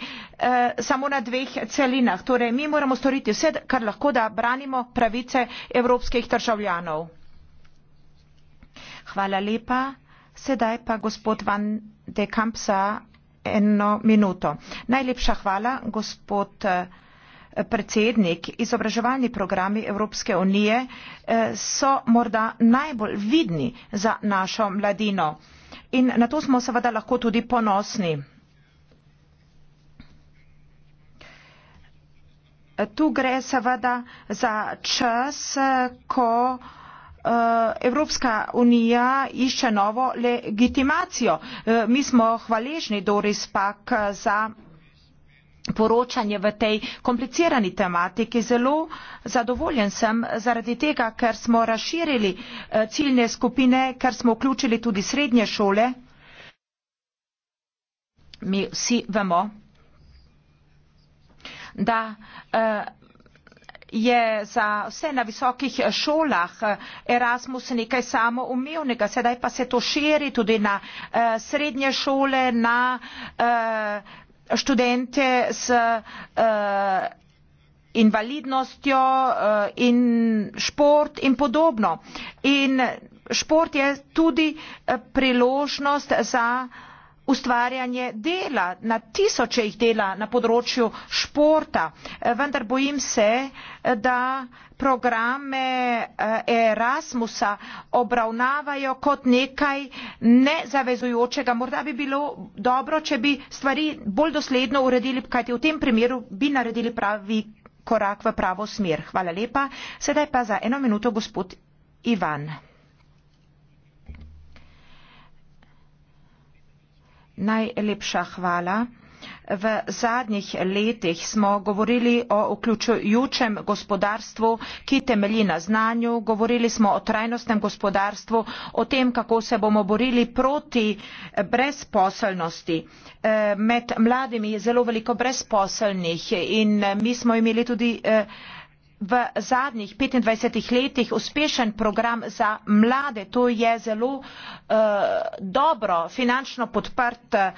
samo na dveh celinah. Torej, mi moramo storiti vse, kar lahko, da branimo pravice evropskih državljanov. Hvala lepa. Sedaj pa gospod Van de Kamp za eno minuto. Najlepša hvala, gospod predsednik, izobraževalni programi Evropske unije eh, so morda najbolj vidni za našo mladino in na to smo seveda lahko tudi ponosni. Tu gre seveda za čas, ko eh, Evropska unija išče novo legitimacijo. Eh, mi smo hvaležni Doris Pak za poročanje v tej komplicirani tematiki. Zelo zadovoljen sem zaradi tega, ker smo razširili eh, ciljne skupine, ker smo vključili tudi srednje šole. Mi vsi vemo, da eh, je za vse na visokih eh, šolah Erasmus nekaj samoumevnega, sedaj pa se to širi tudi na srednje šole, na študente s eh, invalidnostjo eh, in šport in podobno. In šport je tudi eh, priložnost za ustvarjanje dela na tisoče jih dela na področju športa eh, vendar bojim se eh, da programe eh, Erasmusa obravnavajo kot nekaj nezavezujočega. Morda bi bilo dobro, če bi stvari bolj dosledno uredili, kajti v tem primeru bi naredili pravi korak v pravo smer. Hvala lepa. Sedaj pa za eno minuto gospod Ivan. Najlepša hvala. V zadnjih letih smo govorili o vključujučem gospodarstvu, ki temelji na znanju, govorili smo o trajnostnem gospodarstvu, o tem, kako se bomo borili proti brezposelnosti. E, med mladimi je zelo veliko brezposelnih in e, mi smo imeli tudi e, v zadnjih petindvajsetih letih uspešen program za mlade to je zelo eh, dobro finančno podprt eh,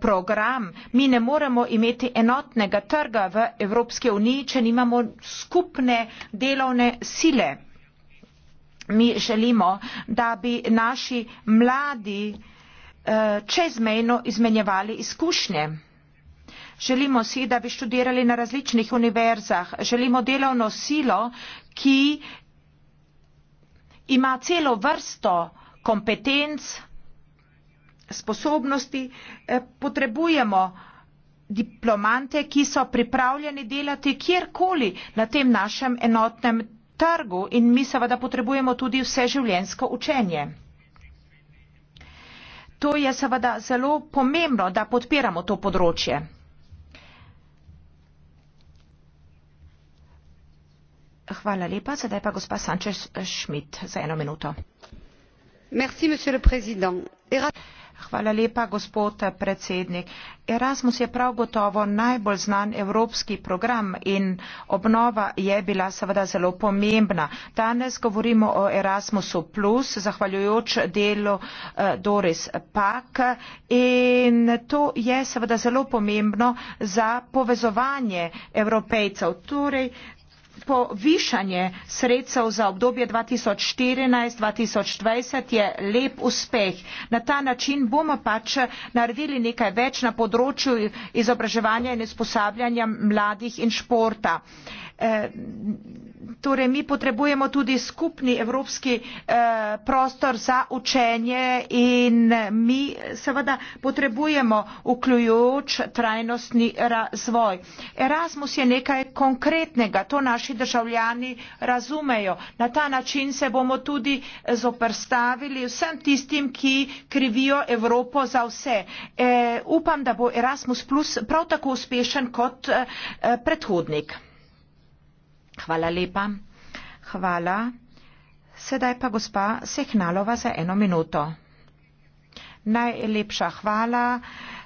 program mi ne moremo imeti enotnega trga v evropski uniji če nimamo skupne delovne sile mi želimo da bi naši mladi eh, čezmejno izmenjevali izkušnje želimo si, da bi študirali na različnih univerzah, želimo delovno silo, ki ima celo vrsto kompetenc, sposobnosti, eh, potrebujemo diplomante, ki so pripravljeni delati kjerkoli na tem našem enotnem trgu in mi seveda potrebujemo tudi vse življensko učenje. To je seveda zelo pomembno, da podpiramo to področje. Hvala lepa. Sedaj pa gospa Sančeš Šmit za eno minuto. Merci, monsieur le président. Hvala lepa, gospod predsednik. Erasmus je prav gotovo najbolj znan evropski program in obnova je bila seveda zelo pomembna. Danes govorimo o Erasmusu, plus, zahvaljujoč delu eh, Doris Pak in to je seveda zelo pomembno za povezovanje evropejcev. Torej, povišanje sredstev za obdobje 2014-2020 je lep uspeh. Na ta način bomo pač naredili nekaj več na področju izobraževanja in usposabljanja mladih in športa. Eh, torej mi potrebujemo tudi skupni evropski eh, prostor za učenje in mi seveda potrebujemo vključujoč trajnostni razvoj. Erasmus je nekaj konkretnega, to naši državljani razumejo. Na ta način se bomo tudi zoprstavili vsem tistim, ki krivijo Evropo za vse. Eh, upam, da bo Erasmus Plus prav tako uspešen kot predhodnik. Hvala lepa. Hvala. Sedaj pa gospa Sehnalova za eno minuto. Najlepša hvala.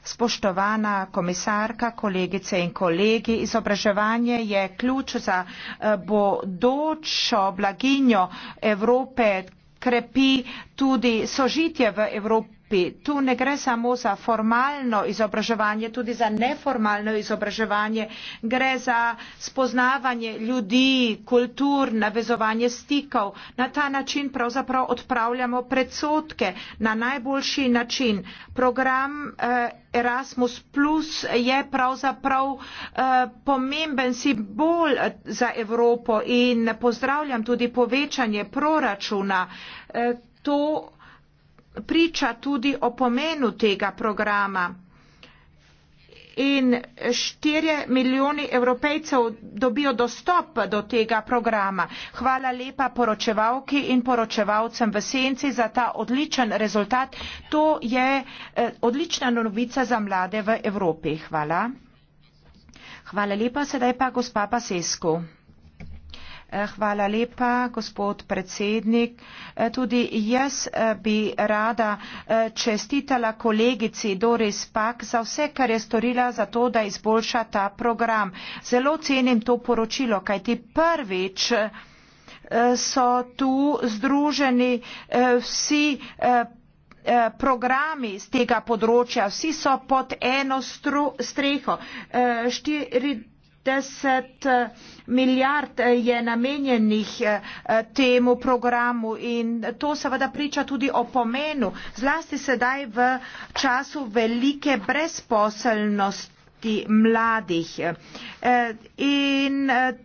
Spoštovana komisarka, kolegice in kolegi, izobraževanje je ključ za eh, bodočo blaginjo Evrope, krepi tudi sožitje v Evropi skrbi tu ne gre samo za formalno izobraževanje tudi za neformalno izobraževanje gre za spoznavanje ljudi kultur navezovanje stikov na ta način pravzaprav odpravljamo predsotke na najboljši način program eh, Erasmus Plus je pravzaprav eh, pomemben simbol za Evropo in pozdravljam tudi povečanje proračuna. Eh, to priča tudi o pomenu tega programa. In štirje milijoni evropejcev dobijo dostop do tega programa. Hvala lepa poročevalki in poročevalcem v senci za ta odličen rezultat. To je eh, odlična novica za mlade v Evropi. Hvala. Hvala lepa, sedaj pa gospa Pasesku. Eh, hvala lepa, gospod predsednik. Eh, tudi jaz eh, bi rada čestitala kolegici Doris Pak za vse, kar je storila za to, da izboljša ta program. Zelo cenim to poročilo, kajti prvič so tu združeni vsi programi z tega področja, vsi so pod eno stru, streho. Štiri, 30 eh, milijard eh, je namenjenih eh, temu programu in to seveda priča tudi o pomenu, zlasti sedaj v času velike brezposelnosti mladih. In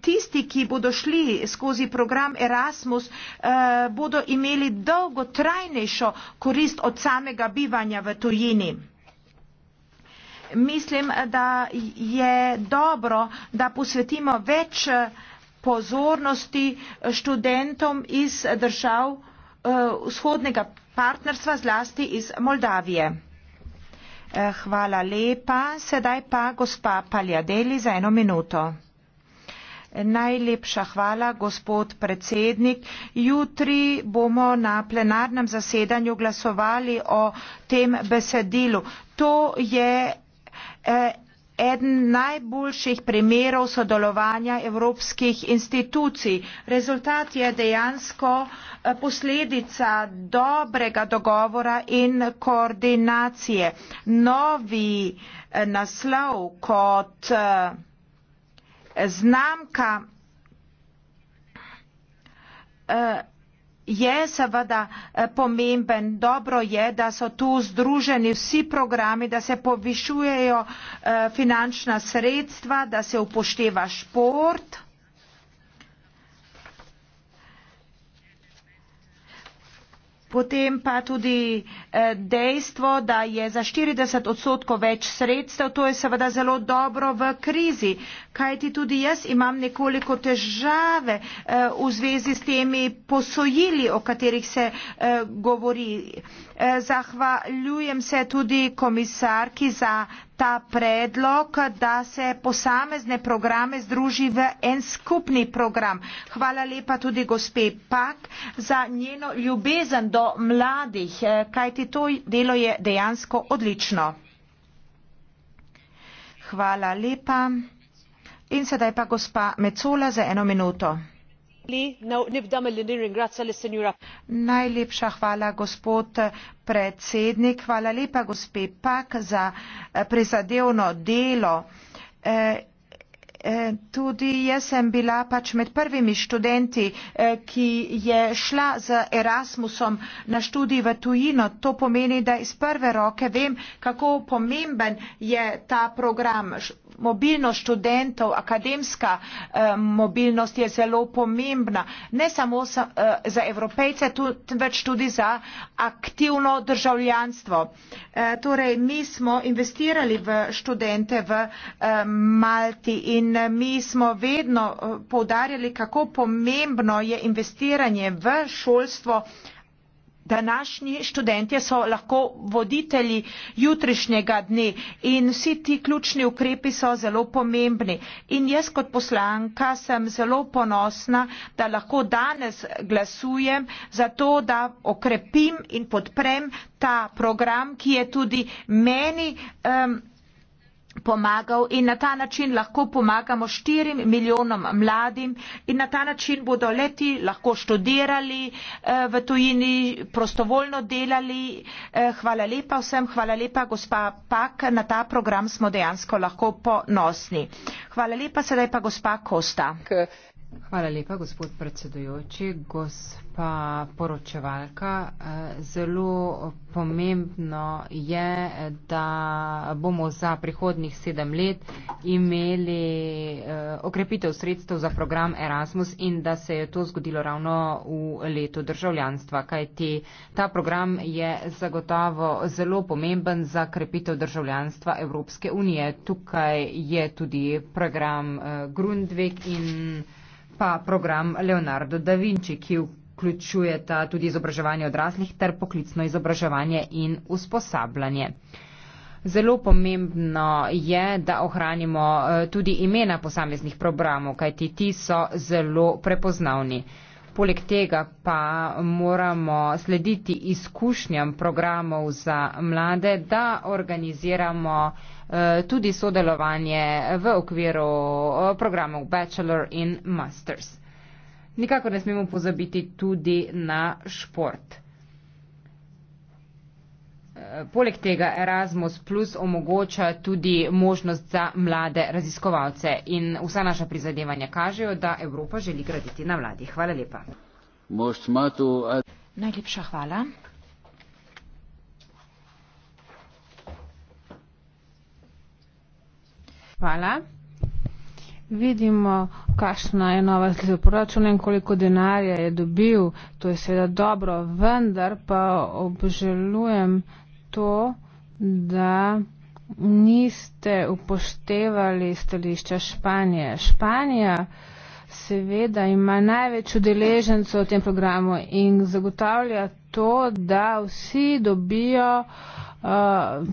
tisti, ki bodo šli skozi program Erasmus, bodo imeli dolgotrajnejšo korist od samega bivanja v tujini mislim, da je dobro, da posvetimo več eh, pozornosti eh, študentom iz držav eh, vzhodnega partnerstva zlasti iz Moldavije. Hvala lepa. Sedaj pa gospa Paljadeli za eno minuto. Najlepša hvala, gospod predsednik. Jutri bomo na plenarnem zasedanju glasovali o tem besedilu. To je Eh, eden najboljših primerov sodelovanja evropskih institucij. Rezultat je dejansko eh, posledica dobrega dogovora in koordinacije. Novi eh, naslov kot znamka je seveda eh, pomemben dobro je da so tu združeni vsi programi da se povišujejo eh, finančna sredstva da se upošteva šport Potem pa tudi eh, dejstvo, da je za 40 odstotkov več sredstev, to je seveda zelo dobro v krizi, kajti tudi jaz imam nekoliko težave eh, v zvezi s temi posojili, o katerih se eh, govori. Zahvaljujem se tudi komisarki za ta predlog, da se posamezne programe združi v en skupni program. Hvala lepa tudi gospe Pak za njeno ljubezen do mladih, eh, kajti to delo je dejansko odlično. Hvala lepa. In sedaj pa gospa Mecola za eno minuto. Najlepša hvala, gospod predsednik. Hvala lepa, gospe Pak, za eh, prizadevno delo. Eh, eh, tudi jaz sem bila pač med prvimi študenti, ki je šla z Erasmusom na študij v tujino. To pomeni, da iz prve roke vem, kako pomemben je ta program mobilnost študentov, akademska eh, mobilnost je zelo pomembna, ne samo eh, za evropejce, več tudi za aktivno državljanstvo. Eh, torej, mi smo investirali v študente v Malti in mi smo vedno povdarjali, kako pomembno je investiranje v šolstvo, današnji študentje so lahko voditelji jutrišnjega dne in vsi ti ključni ukrepi so zelo pomembni. In jaz kot poslanka sem zelo ponosna, da lahko danes glasujem za to, da okrepim in podprem ta program, ki je tudi meni. Um, pomagal in na ta način lahko pomagamo štirim milijonom mladim in na ta način bodo leti lahko študirali eh, v tujini, prostovoljno delali. Eh, hvala lepa vsem, hvala lepa gospa Pak, na ta program smo dejansko lahko ponosni. Hvala lepa sedaj pa gospa Kosta. Hvala lepa, gospod predsedujoči, gospa poročevalka. Eh, zelo pomembno je, da bomo za prihodnih sedem let imeli eh, okrepitev sredstev za program Erasmus in da se je to zgodilo ravno v letu državljanstva, kajti ta program je zagotovo zelo pomemben za krepitev državljanstva Evropske unije. Tukaj je tudi program eh, Grundvik in pa program Leonardo da Vinci, ki vključuje ta tudi izobraževanje odraslih ter poklicno izobraževanje in usposabljanje. Zelo pomembno je, da ohranimo eh, tudi imena posameznih programov, kajti ti so zelo prepoznavni. Poleg tega pa moramo slediti izkušnjam programov za mlade, da organiziramo uh, Eh, tudi sodelovanje v okviru eh, programov Bachelor in Masters. Nikako ne smemo pozabiti tudi na šport. Eh, poleg tega Erasmus Plus omogoča tudi možnost za mlade raziskovalce in vsa naša prizadevanja kažejo, da Evropa želi graditi na mladih. Hvala lepa. Najlepša hvala. Hvala. Vidimo, kakšna je nova sliza proračuna in koliko denarja je dobil. To je seveda dobro, vendar pa obžalujem to, da niste upoštevali stališča Španije. Španija seveda ima največ udeležencev v tem programu in zagotavlja to, da vsi dobijo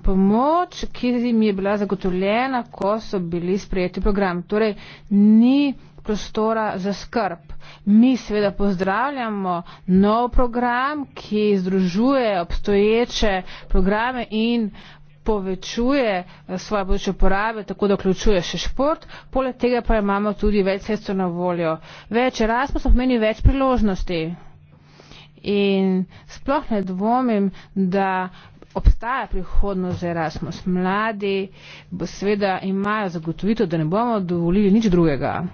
pomoč, ki jim je bila zagotovljena, ko so bili sprejeti program. Torej, ni prostora za skrb. Mi seveda pozdravljamo nov program, ki združuje obstoječe programe in povečuje svoje bodoče porabe, tako da vključuje še šport, poleg tega pa imamo tudi več sredstev na voljo. Več razposlov pomeni več priložnosti. In sploh ne dvomim, da obstaja prihodnost za Erasmus. Mladi seveda imajo zagotovitev, da ne bomo dovolili nič drugega.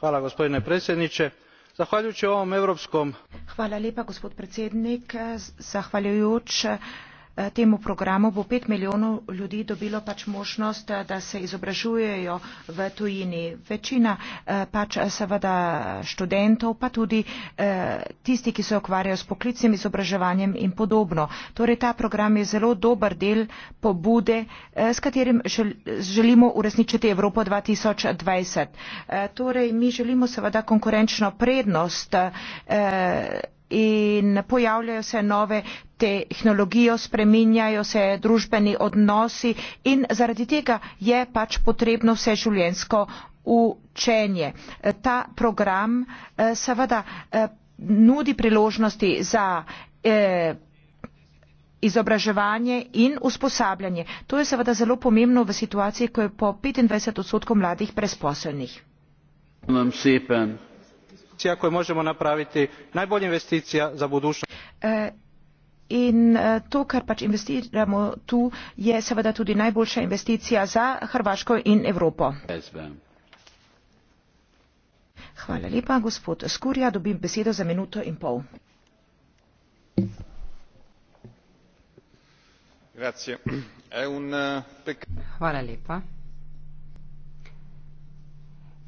Hvala, gospodine predsjedniče. Zahvaljujući ovom evropskom. Hvala lepa, gospod predsjednik. Zahvaljujući Eh, temu programu bo pet milijonov ljudi dobilo pač možnost, eh, da se izobražujejo v tujini. Večina eh, pač seveda študentov, pa tudi tisti, ki se ukvarjajo s poklicnim izobraževanjem in podobno. Torej ta program je zelo dober del pobude, s katerim želimo uresničiti Evropo 2020. Torej mi želimo seveda konkurenčno prednost in pojavljajo se nove tehnologije spreminjajo se družbeni odnosi in zaradi tega je pač potrebno vseživljenjsko učenje. ta program eh, seveda eh, nudi priložnosti za eh, izobraževanje in usposabljanje. to je seveda zelo pomembno v situaciji ko je po petindvajset odstotkov mladih brezposelnih investicija koje možemo napraviti najbolja investicija za budućnost. E, in e, to kar pač investiramo tu je seveda tudi najboljša investicija za hrvaško in evropo.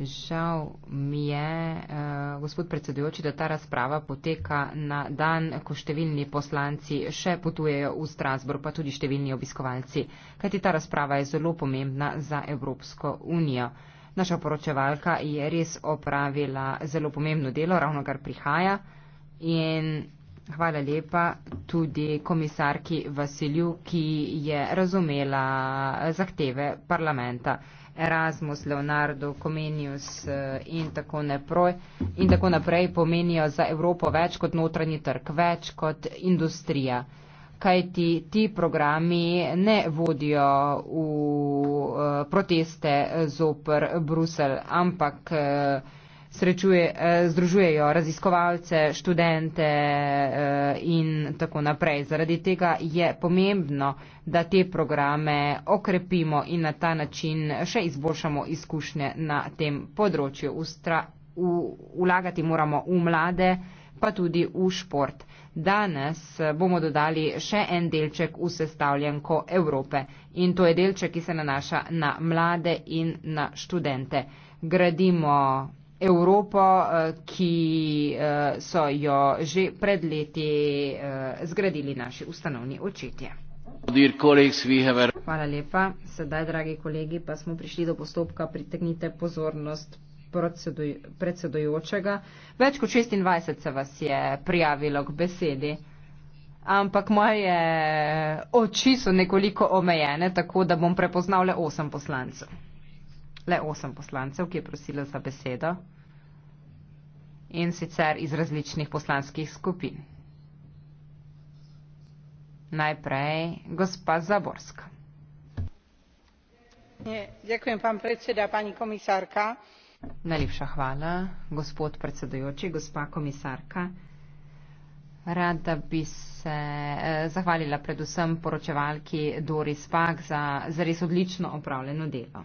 Žal mi je, uh, gospod predsedujoči, da ta razprava poteka na dan, ko številni poslanci še potujejo v Strasbourg, pa tudi številni obiskovalci, kajti ta razprava je zelo pomembna za Evropsko unijo. Naša poročevalka je res opravila zelo pomembno delo, ravno kar prihaja. In hvala lepa tudi komisarki Vasilju, ki je razumela zahteve parlamenta. Erasmus, Leonardo, Comenius eh, in tako naprej, in tako naprej pomenijo za Evropo več kot notranji trg, več kot industrija. Kaj ti, ti programi ne vodijo v uh, proteste eh, zoper Brusel, ampak uh, srečuje, eh, združujejo raziskovalce, študente eh, in tako naprej. Zaradi tega je pomembno, da te programe okrepimo in na ta način še izboljšamo izkušnje na tem področju. Ustra, u, ulagati moramo v mlade, pa tudi v šport. Danes eh, bomo dodali še en delček v sestavljanko Evrope in to je delček, ki se nanaša na mlade in na študente. Gradimo Evropo, eh, ki eh, so jo že pred leti eh, zgradili naši ustanovni očetje. Hvala lepa. Sedaj, dragi kolegi, pa smo prišli do postopka. Pritegnite pozornost predsedujočega. Več kot 26 se vas je prijavilo k besedi, ampak moje oči so nekoliko omejene, tako da bom prepoznal le 8 poslancev. Le 8 poslancev, ki je prosila za besedo in sicer iz različnih poslanskih skupin. Najprej gospa Zaborska. Ďakujem, pán predseda, pani komisárka. Najlepša hvala, gospod predsedujoči, gospa komisárka. Rada bi se eh, zahvalila predvsem poročevalki Doris Pak za, za res odlično opravljeno delo.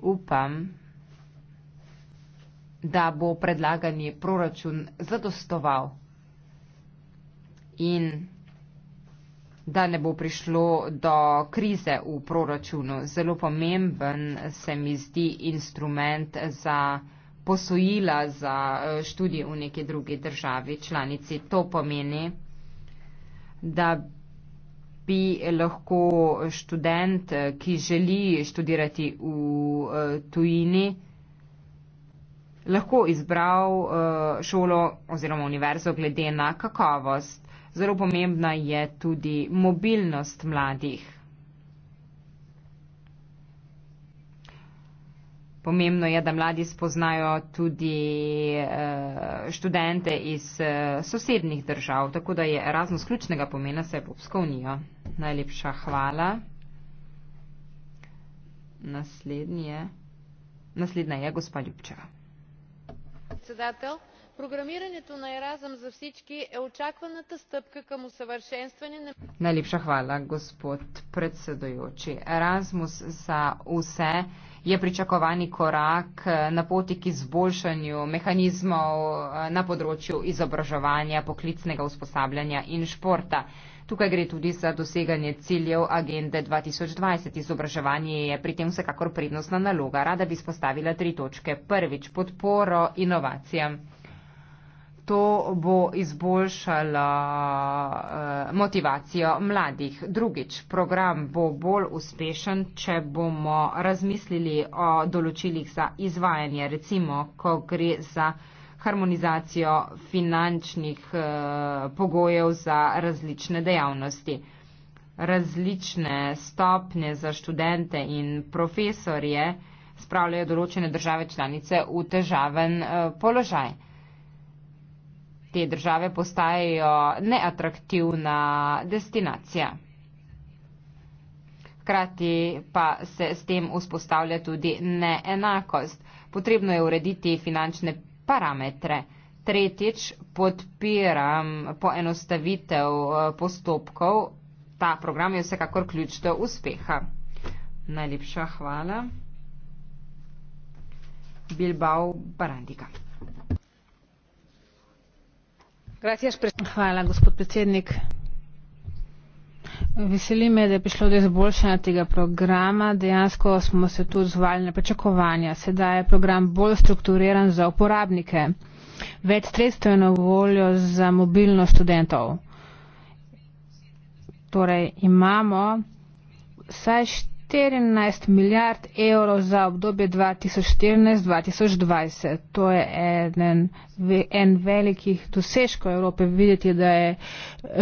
Upam, da bo predlagani proračun zadostoval in da ne bo prišlo do krize v proračunu. Zelo pomemben se mi zdi instrument za posojila za eh, študije v neki drugi državi članici. To pomeni, da bi lahko študent, eh, ki želi študirati v eh, tujini, lahko izbral eh, šolo oziroma univerzo glede na kakovost. Zelo pomembna je tudi mobilnost mladih. Pomembno je, da mladi spoznajo tudi eh, študente iz eh, sosednih držav, tako da je razno sključnega pomena se Evropska unija. Najlepša hvala. Naslednje. Naslednja je gospa Ljubčeva председател програмирането на еразъм за всички е очакваната стъпка към усъвършенстване на. Najlepša hvala, gospod predsedujoči. Erasmus za vse je pričakovani korak na poti k izboljšanju mehanizmov eh, na področju izobraževanja, poklicnega usposabljanja in športa. Tukaj gre tudi za doseganje ciljev agende 2020. Izobraževanje je pri tem vsekakor prednostna naloga. Rada bi spostavila tri točke. Prvič, podporo inovacijam. To bo izboljšalo eh, motivacijo mladih. Drugič, program bo bolj uspešen, če bomo razmislili o določilih za izvajanje, recimo, ko gre za harmonizacijo finančnih uh, pogojev za različne dejavnosti. Različne stopnje za študente in profesorje spravljajo določene države članice v težaven uh, položaj. Te države postajajo neatraktivna destinacija. Hkrati pa se s tem vzpostavlja tudi neenakost. Potrebno je urediti finančne parametre. Tretjič, podpiram poenostavitev eh, postopkov. Ta program je vsekakor ključ do uspeha. Najlepša hvala. Bilbao Barandika. Hvala, gospod predsednik. Veseli me, da je prišlo do izboljšanja tega programa. Dejansko smo se tu zvali na pričakovanja. Sedaj je program bolj strukturiran za uporabnike. Več sredstev je na voljo za mobilnost študentov. Torej imamo vsaj ter 11 milijard evrov za obdobje 2014-2020. To je eden, en velikih dosežkov Evrope. Videti, da je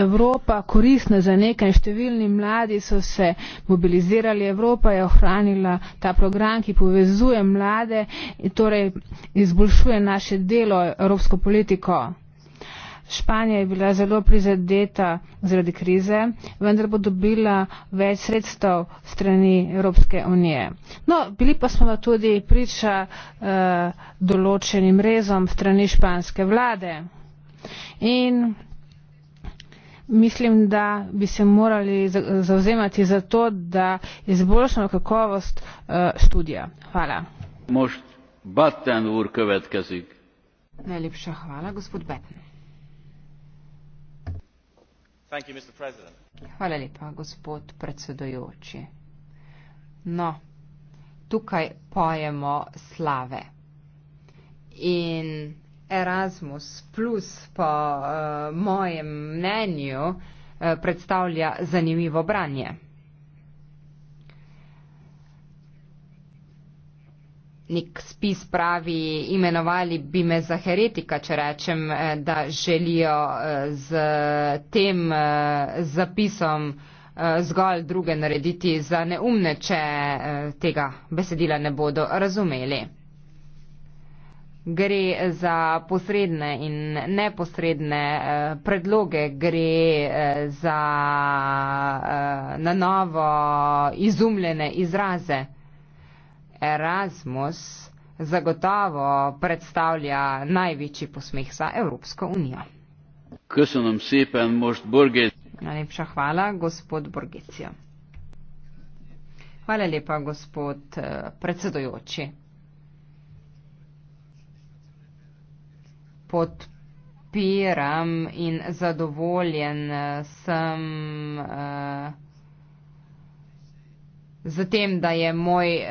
Evropa korisna za nekaj. Številni mladi so se mobilizirali. Evropa je ohranila ta program, ki povezuje mlade in torej izboljšuje naše delo, evropsko politiko. Španija je bila zelo prizadeta zaradi krize, vendar bo dobila več sredstev strani Evropske unije. No, bili pa smo tudi priča uh, določenim rezom strani španske vlade. In mislim, da bi se morali zauzemati za to, da izboljšamo kakovost uh, študija. Hvala. Najlepša hvala, gospod Betten. Hvala lepa, gospod predsedojoči. No, tukaj pojemo slave. In Erasmus plus po uh, mojem mnenju uh, predstavlja zanimivo branje. nek spis pravi, imenovali bi me za heretika, če rečem, eh, da želijo eh, z tem eh, zapisom zgolj druge narediti za neumne, če tega besedila ne bodo razumeli. Gre za posredne in neposredne predloge, gre za na novo izumljene izraze. Erasmus zagotovo predstavlja največji posmeh za Evropsko unijo. Köszönöm szépen, most Borgét. Najlepša hvala, gospod Borgecija. Hvala lepa, gospod eh, predsedojoči. Podpiram in zadovoljen eh, sem uh, Zatem, da je moj eh,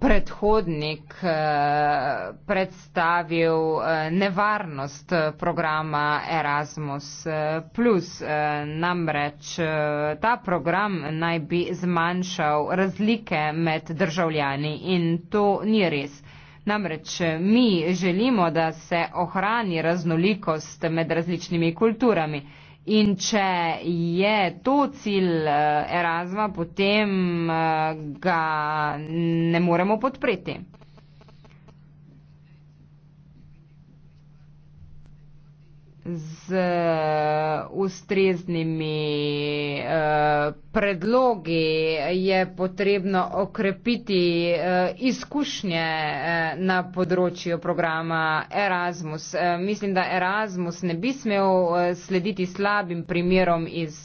predhodnik eh, predstavil eh, nevarnost programa Erasmus. Eh, plus, eh, namreč eh, ta program naj bi zmanjšal razlike med državljani in to ni res. Namreč eh, mi želimo, da se ohrani raznolikost med različnimi kulturami. In če je to cilj eh, Erasma, potem eh, ga ne moremo podpreti. z ustreznimi eh, predlogi, je potrebno okrepiti eh, izkušnje eh, na področju programa Erasmus. Mislim, da Erasmus ne bi smel slediti slabim primerom iz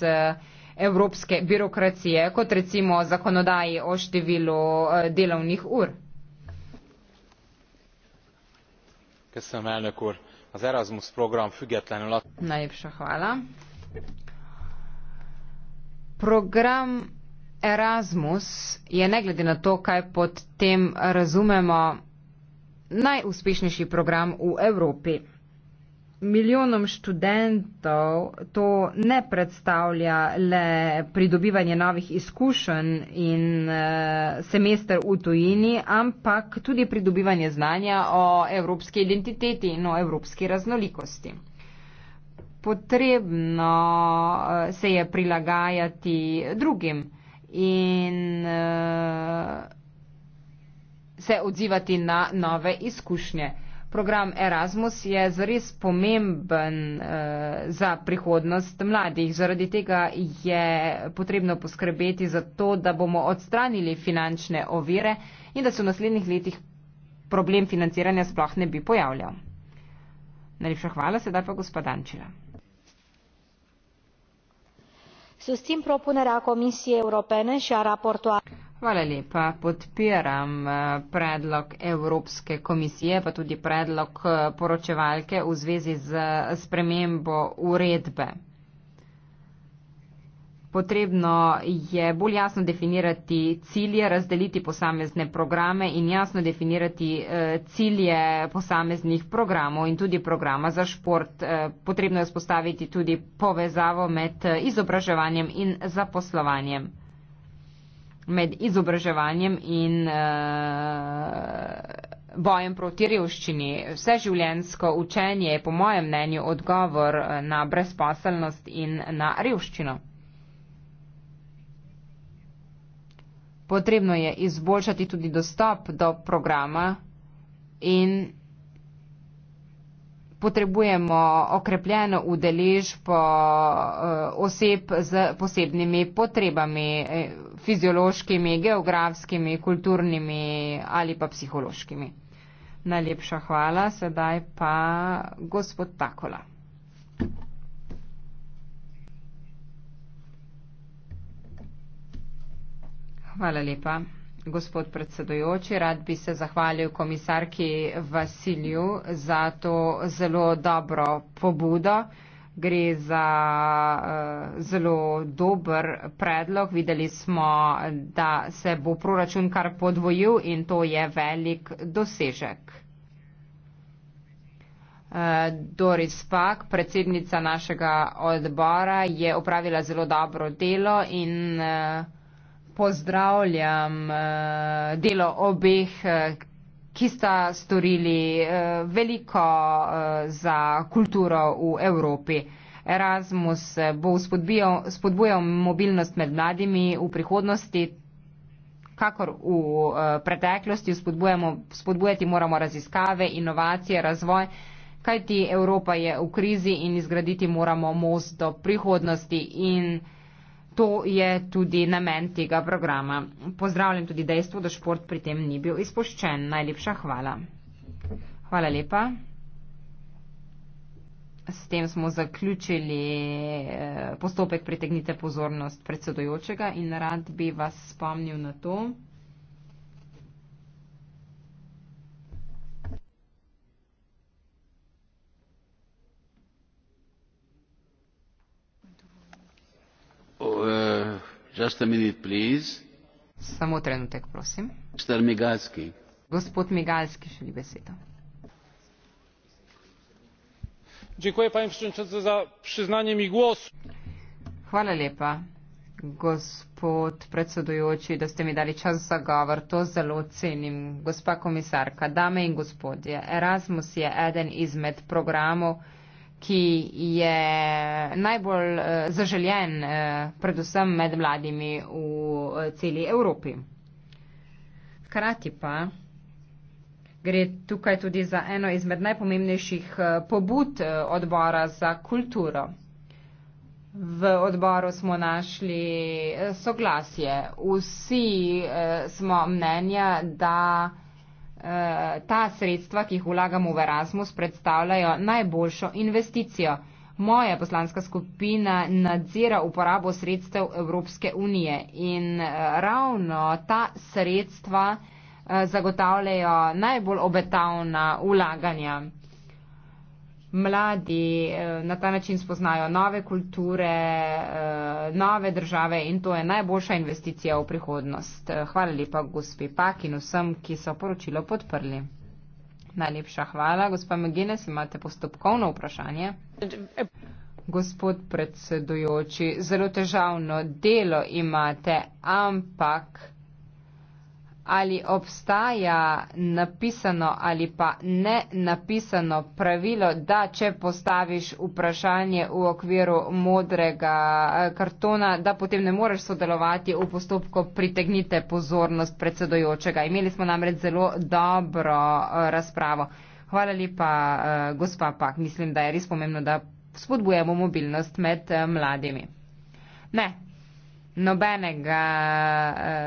evropske birokracije, kot recimo zakonodaji o številu delovnih ur. Köszönöm, elnök úr! az erasmus program függetlenül attól Program Erasmus je, ne glede na to, kaj pod tem razumemo, najuspešnejši program v Evropi milijonom študentov to ne predstavlja le pridobivanje novih izkušenj in eh, semester v tujini, ampak tudi pridobivanje znanja o evropski identiteti in o evropski raznolikosti. Potrebno eh, se je prilagajati drugim in eh, se odzivati na nove izkušnje program Erasmus je zares pomemben uh, za prihodnost mladih. Zaradi tega je potrebno poskrbeti za to, da bomo odstranili finančne ovire in da se v naslednjih letih problem financiranja sploh ne bi pojavljal. Najlepša hvala, sedaj pa gospodančila. Susțin propunerea Comisiei Europene și a raportului. Hvala lepa. Podpiram eh, predlog Evropske komisije, pa tudi predlog eh, poročevalke v zvezi z eh, spremembo uredbe. Potrebno je bolj jasno definirati cilje, razdeliti posamezne programe in jasno definirati cilje posameznih programov in tudi programa za šport. Potrebno je spostaviti tudi povezavo med izobraževanjem in zaposlovanjem med izobraževanjem in uh, bojem proti revščini. Vse življensko učenje je po mojem mnenju odgovor eh, na brezposelnost in na revščino. Potrebno je izboljšati tudi dostop do programa in potrebujemo okrepljeno udeležbo eh, oseb z posebnimi potrebami, eh, fiziološkimi, geografskimi, kulturnimi ali pa psihološkimi. Najlepša hvala, sedaj pa gospod Takola. Hvala lepa. Gospod predsedojoči, rad bi se zahvalil komisarki Vasilju za to zelo dobro pobudo. Gre za uh, zelo dober predlog. Videli smo, da se bo proračun kar podvojil in to je velik dosežek. Eh, Doris Pak, predsednica našega odbora, je upravila zelo dobro delo in eh, pozdravljam eh, delo obeh, eh, ki sta storili eh, veliko za kulturo v Evropi. Erasmus bo spodbujal mobilnost med mladimi v prihodnosti, kakor v preteklosti spodbujati moramo raziskave, inovacije, razvoj. Kajti Evropa je v krizi in izgraditi moramo most do prihodnosti in prihodnosti. To je tudi namen tega programa. Pozdravljam tudi dejstvo, da šport pri tem ni bil izpuščen. Najlepša hvala. Hvala lepa. S tem smo zaključili eh, postopek pritegnite pozornost predsedojočega in rad bi vas spomnil na to. Oh, uh, just a minute, please. Samo trenutek, prosim. Mr. Migalski. Gospod Migalski, še li beseda. Dziękuję, panie przewodniczący, za przyznanie mi głosu. Hvala lepa, gospod predsedujoči, da ste mi dali čas za govor. To zelo cenim. Gospa komisarka, dame in gospodje, Erasmus je eden izmed programov, ki je najbolj eh, zaželjen, eh, predvsem med mladimi v eh, celi Evropi. Hkrati pa gre tukaj tudi za eno izmed najpomembnejših pobud odbora za kulturo. V odboru smo našli soglasje. Vsi smo mnenja, da ta sredstva, ki jih vlagamo v Erasmus, predstavljajo najboljšo investicijo. Moja poslanska skupina nadzira uporabo sredstev Evropske unije in eh, ravno ta sredstva eh, zagotavljajo najbolj obetavna vlaganja mladi eh, na ta način spoznajo nove kulture, eh, nove države in to je najboljša investicija v prihodnost. Eh, hvala lepa gospi Pak in vsem, ki so poročilo podprli. Najlepša hvala. Gospa Megines, imate postopkovno vprašanje. Gospod predsedujoči, zelo težavno delo imate, ampak ali obstaja napisano ali pa ne napisano pravilo, da če postaviš vprašanje v okviru modrega eh, kartona, da potem ne moreš sodelovati v postopku pritegnite pozornost predsedojočega. Imeli smo namreč zelo dobro eh, razpravo. Hvala lepa, eh, gospa Pak. Mislim, da je res pomembno, da spodbujemo mobilnost med mladimi. Ne, nobenega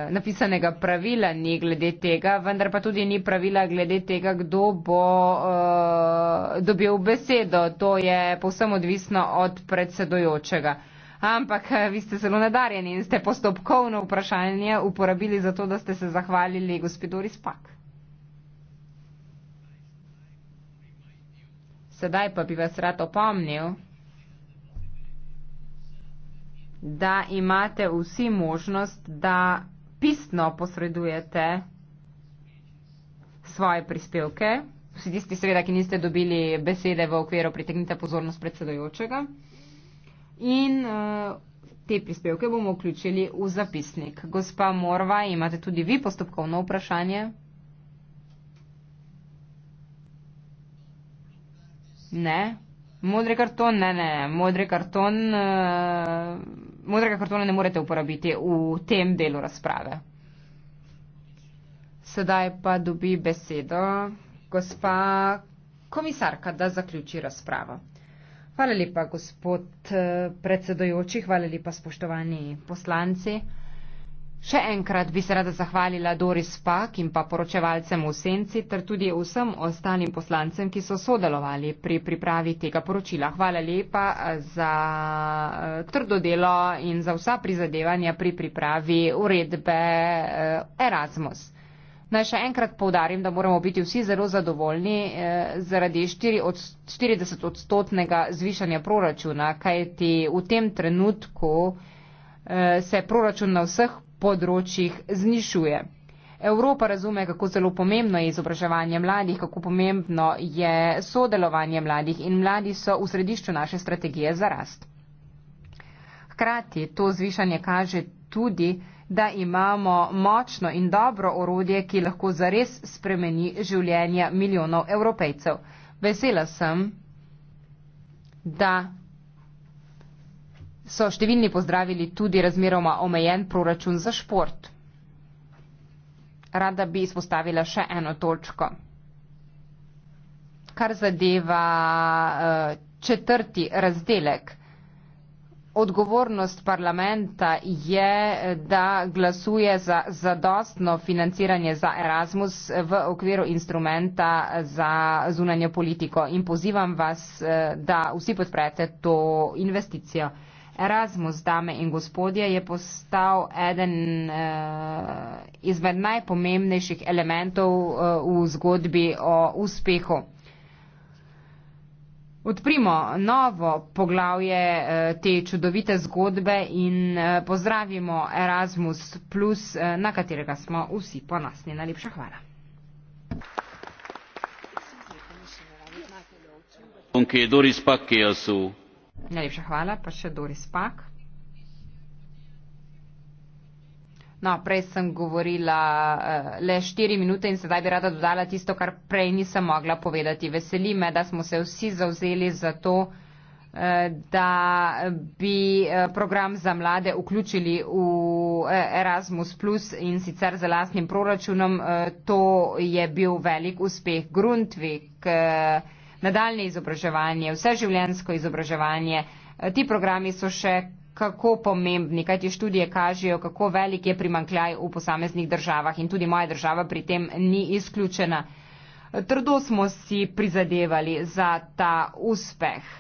uh, napisanega pravila ni glede tega, vendar pa tudi ni pravila glede tega, kdo bo uh, dobil besedo. To je povsem odvisno od predsedojočega. Ampak eh, vi ste zelo nadarjeni in ste postopkovno vprašanje uporabili za to, da ste se zahvalili gospodori Spak. Sedaj pa bi vas rad opomnil da imate vsi možnost, da pisno posredujete svoje prispevke. Vsi tisti, seveda, ki niste dobili besede v okviru, pritegnite pozornost predsedojočega. In eh, te prispevke bomo vključili v zapisnik. Gospa Morva, imate tudi vi postopkovno vprašanje? Ne. Modri karton, ne, ne. Modri karton. Uh modrega kartona ne morete uporabiti v tem delu razprave. Sedaj pa dobi besedo gospa komisarka, da zaključi razpravo. Hvala lepa, gospod eh, predsedojoči, hvala lepa, spoštovani poslanci. Še enkrat bi se rada zahvalila Doris Pak in pa poročevalcem v Senci ter tudi vsem ostalim poslancem, ki so sodelovali pri pripravi tega poročila. Hvala lepa eh, za eh, trdo delo in za vsa prizadevanja pri pripravi uredbe eh, Erasmus. Naj še enkrat povdarim, da moramo biti vsi zelo zadovoljni eh, zaradi 40-odstotnega zvišanja proračuna, kajti v tem trenutku. Eh, se proračun na vseh področjih znišuje. Evropa razume, kako zelo pomembno je izobraževanje mladih, kako pomembno je sodelovanje mladih in mladi so v središču naše strategije za rast. Hkrati to zvišanje kaže tudi, da imamo močno in dobro orodje, ki lahko zares spremeni življenja milijonov evropejcev. Vesela sem, da so številni pozdravili tudi razmeroma omejen proračun za šport. Rada bi izpostavila še eno točko. Kar zadeva eh, četrti razdelek. Odgovornost parlamenta je, da glasuje za zadostno financiranje za Erasmus v okviru instrumenta za zunanjo politiko in pozivam vas, eh, da vsi podprete to investicijo. Erasmus, dame in gospodje, je postal eden uh, izmed najpomembnejših elementov uh, v zgodbi o uspehu. Odprimo novo poglavje uh, te čudovite zgodbe in uh, pozdravimo Erasmus, plus, uh, na katerega smo vsi ponosni. Najlepša hvala. Okay, Doris Pakkeja su. Najlepša hvala, pa še Doris Pak. No, prej sem govorila uh, le štiri minute in sedaj bi rada dodala tisto, kar prej nisem mogla povedati. Veseli me, da smo se vsi zauzeli za to, eh, da bi eh, program za mlade vključili v Erasmus Plus in sicer z lastnim proračunom. To je bil velik uspeh. Grundvik, nadaljne izobraževanje, vseživljensko izobraževanje. E, ti programi so še kako pomembni, kajti študije kažejo, kako velik je primankljaj v posameznih državah in tudi moja država pri tem ni izključena. E, trdo smo si prizadevali za ta uspeh.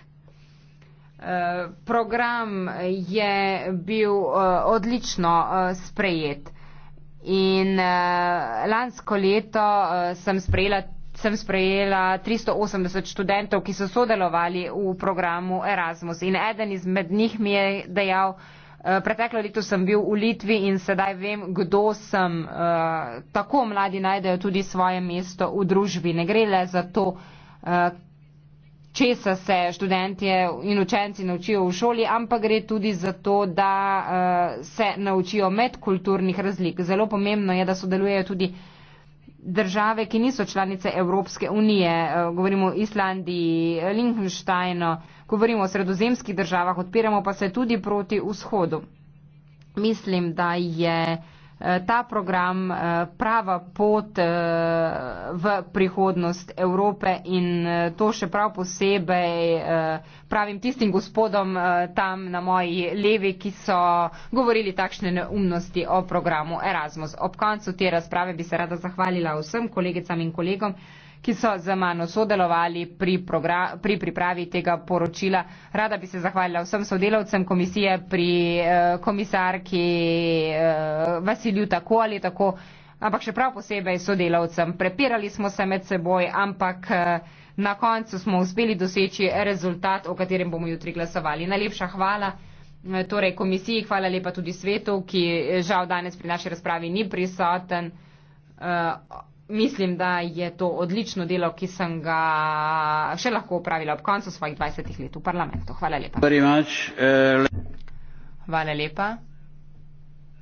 E, program je bil odlično sprejet in lansko leto sem sprejela sem sprejela 380 študentov, ki so sodelovali v programu Erasmus. In eden izmed njih mi je dejal, eh, preteklo leto sem bil v Litvi in sedaj vem, kdo sem. Eh, tako mladi najdejo tudi svoje mesto v družbi. Ne gre le za to, eh, česa se študentje in učenci naučijo v šoli, ampak gre tudi za to, da se naučijo medkulturnih razlik. Zelo pomembno je, da sodelujejo tudi države, ki niso članice Evropske unije, eh, govorimo o Islandiji, Lichtensteinu, govorimo o sredozemskih državah, odpiramo pa se tudi proti vzhodu. Mislim, da je Eh, ta program eh, prava pot eh, v prihodnost Evrope in to še prav posebej pravim tistim gospodom tam na moji levi, ki so govorili takšne neumnosti o programu Erasmus. Ob koncu te razprave bi se rada zahvalila vsem kolegicam in kolegom ki so z mano sodelovali pri, pri pripravi tega poročila. Rada bi se zahvalila vsem sodelavcem komisije pri eh, komisarki eh, Vasilju tako ali tako, ampak še prav posebej sodelavcem. Prepirali smo se med seboj, ampak eh, na koncu smo uspeli doseči rezultat, o katerem bomo jutri glasovali. Najlepša hvala. Eh, torej komisiji, hvala lepa tudi svetu, ki eh, žal danes pri naši razpravi ni prisoten. Uh, Mislim, da je to odlično delo, ki sem ga še lahko upravila ob koncu svojih 20 let v parlamentu. Hvala lepa. Eh, Hvala lepa.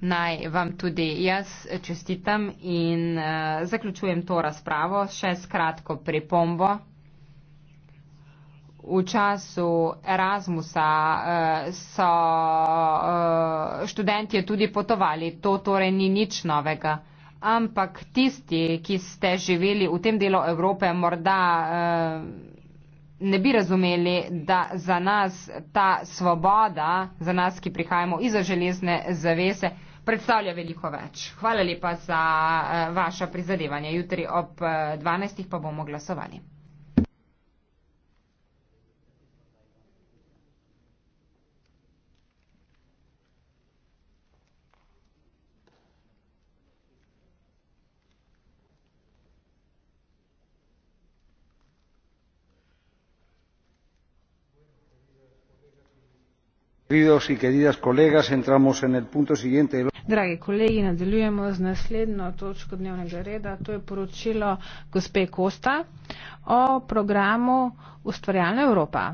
Naj vam tudi jaz čestitam in uh, zaključujem to razpravo še s kratko pripombo. V času Erasmusa uh, so uh, študentje tudi potovali, to torej ni nič novega ampak tisti, ki ste živeli v tem delu Evrope, morda eh, ne bi razumeli, da za nas ta svoboda, za nas, ki prihajamo iz železne zavese, predstavlja veliko več. Hvala lepa za eh, vaša prizadevanja. Jutri ob 12. Eh, pa bomo glasovali. Queridos y queridas colegas, entramos en el punto siguiente. Dragi kolegi, nadaljujemo z naslednjo točko dnevnega reda. To je poročilo gospe Kosta o programu Ustvarjalna Evropa.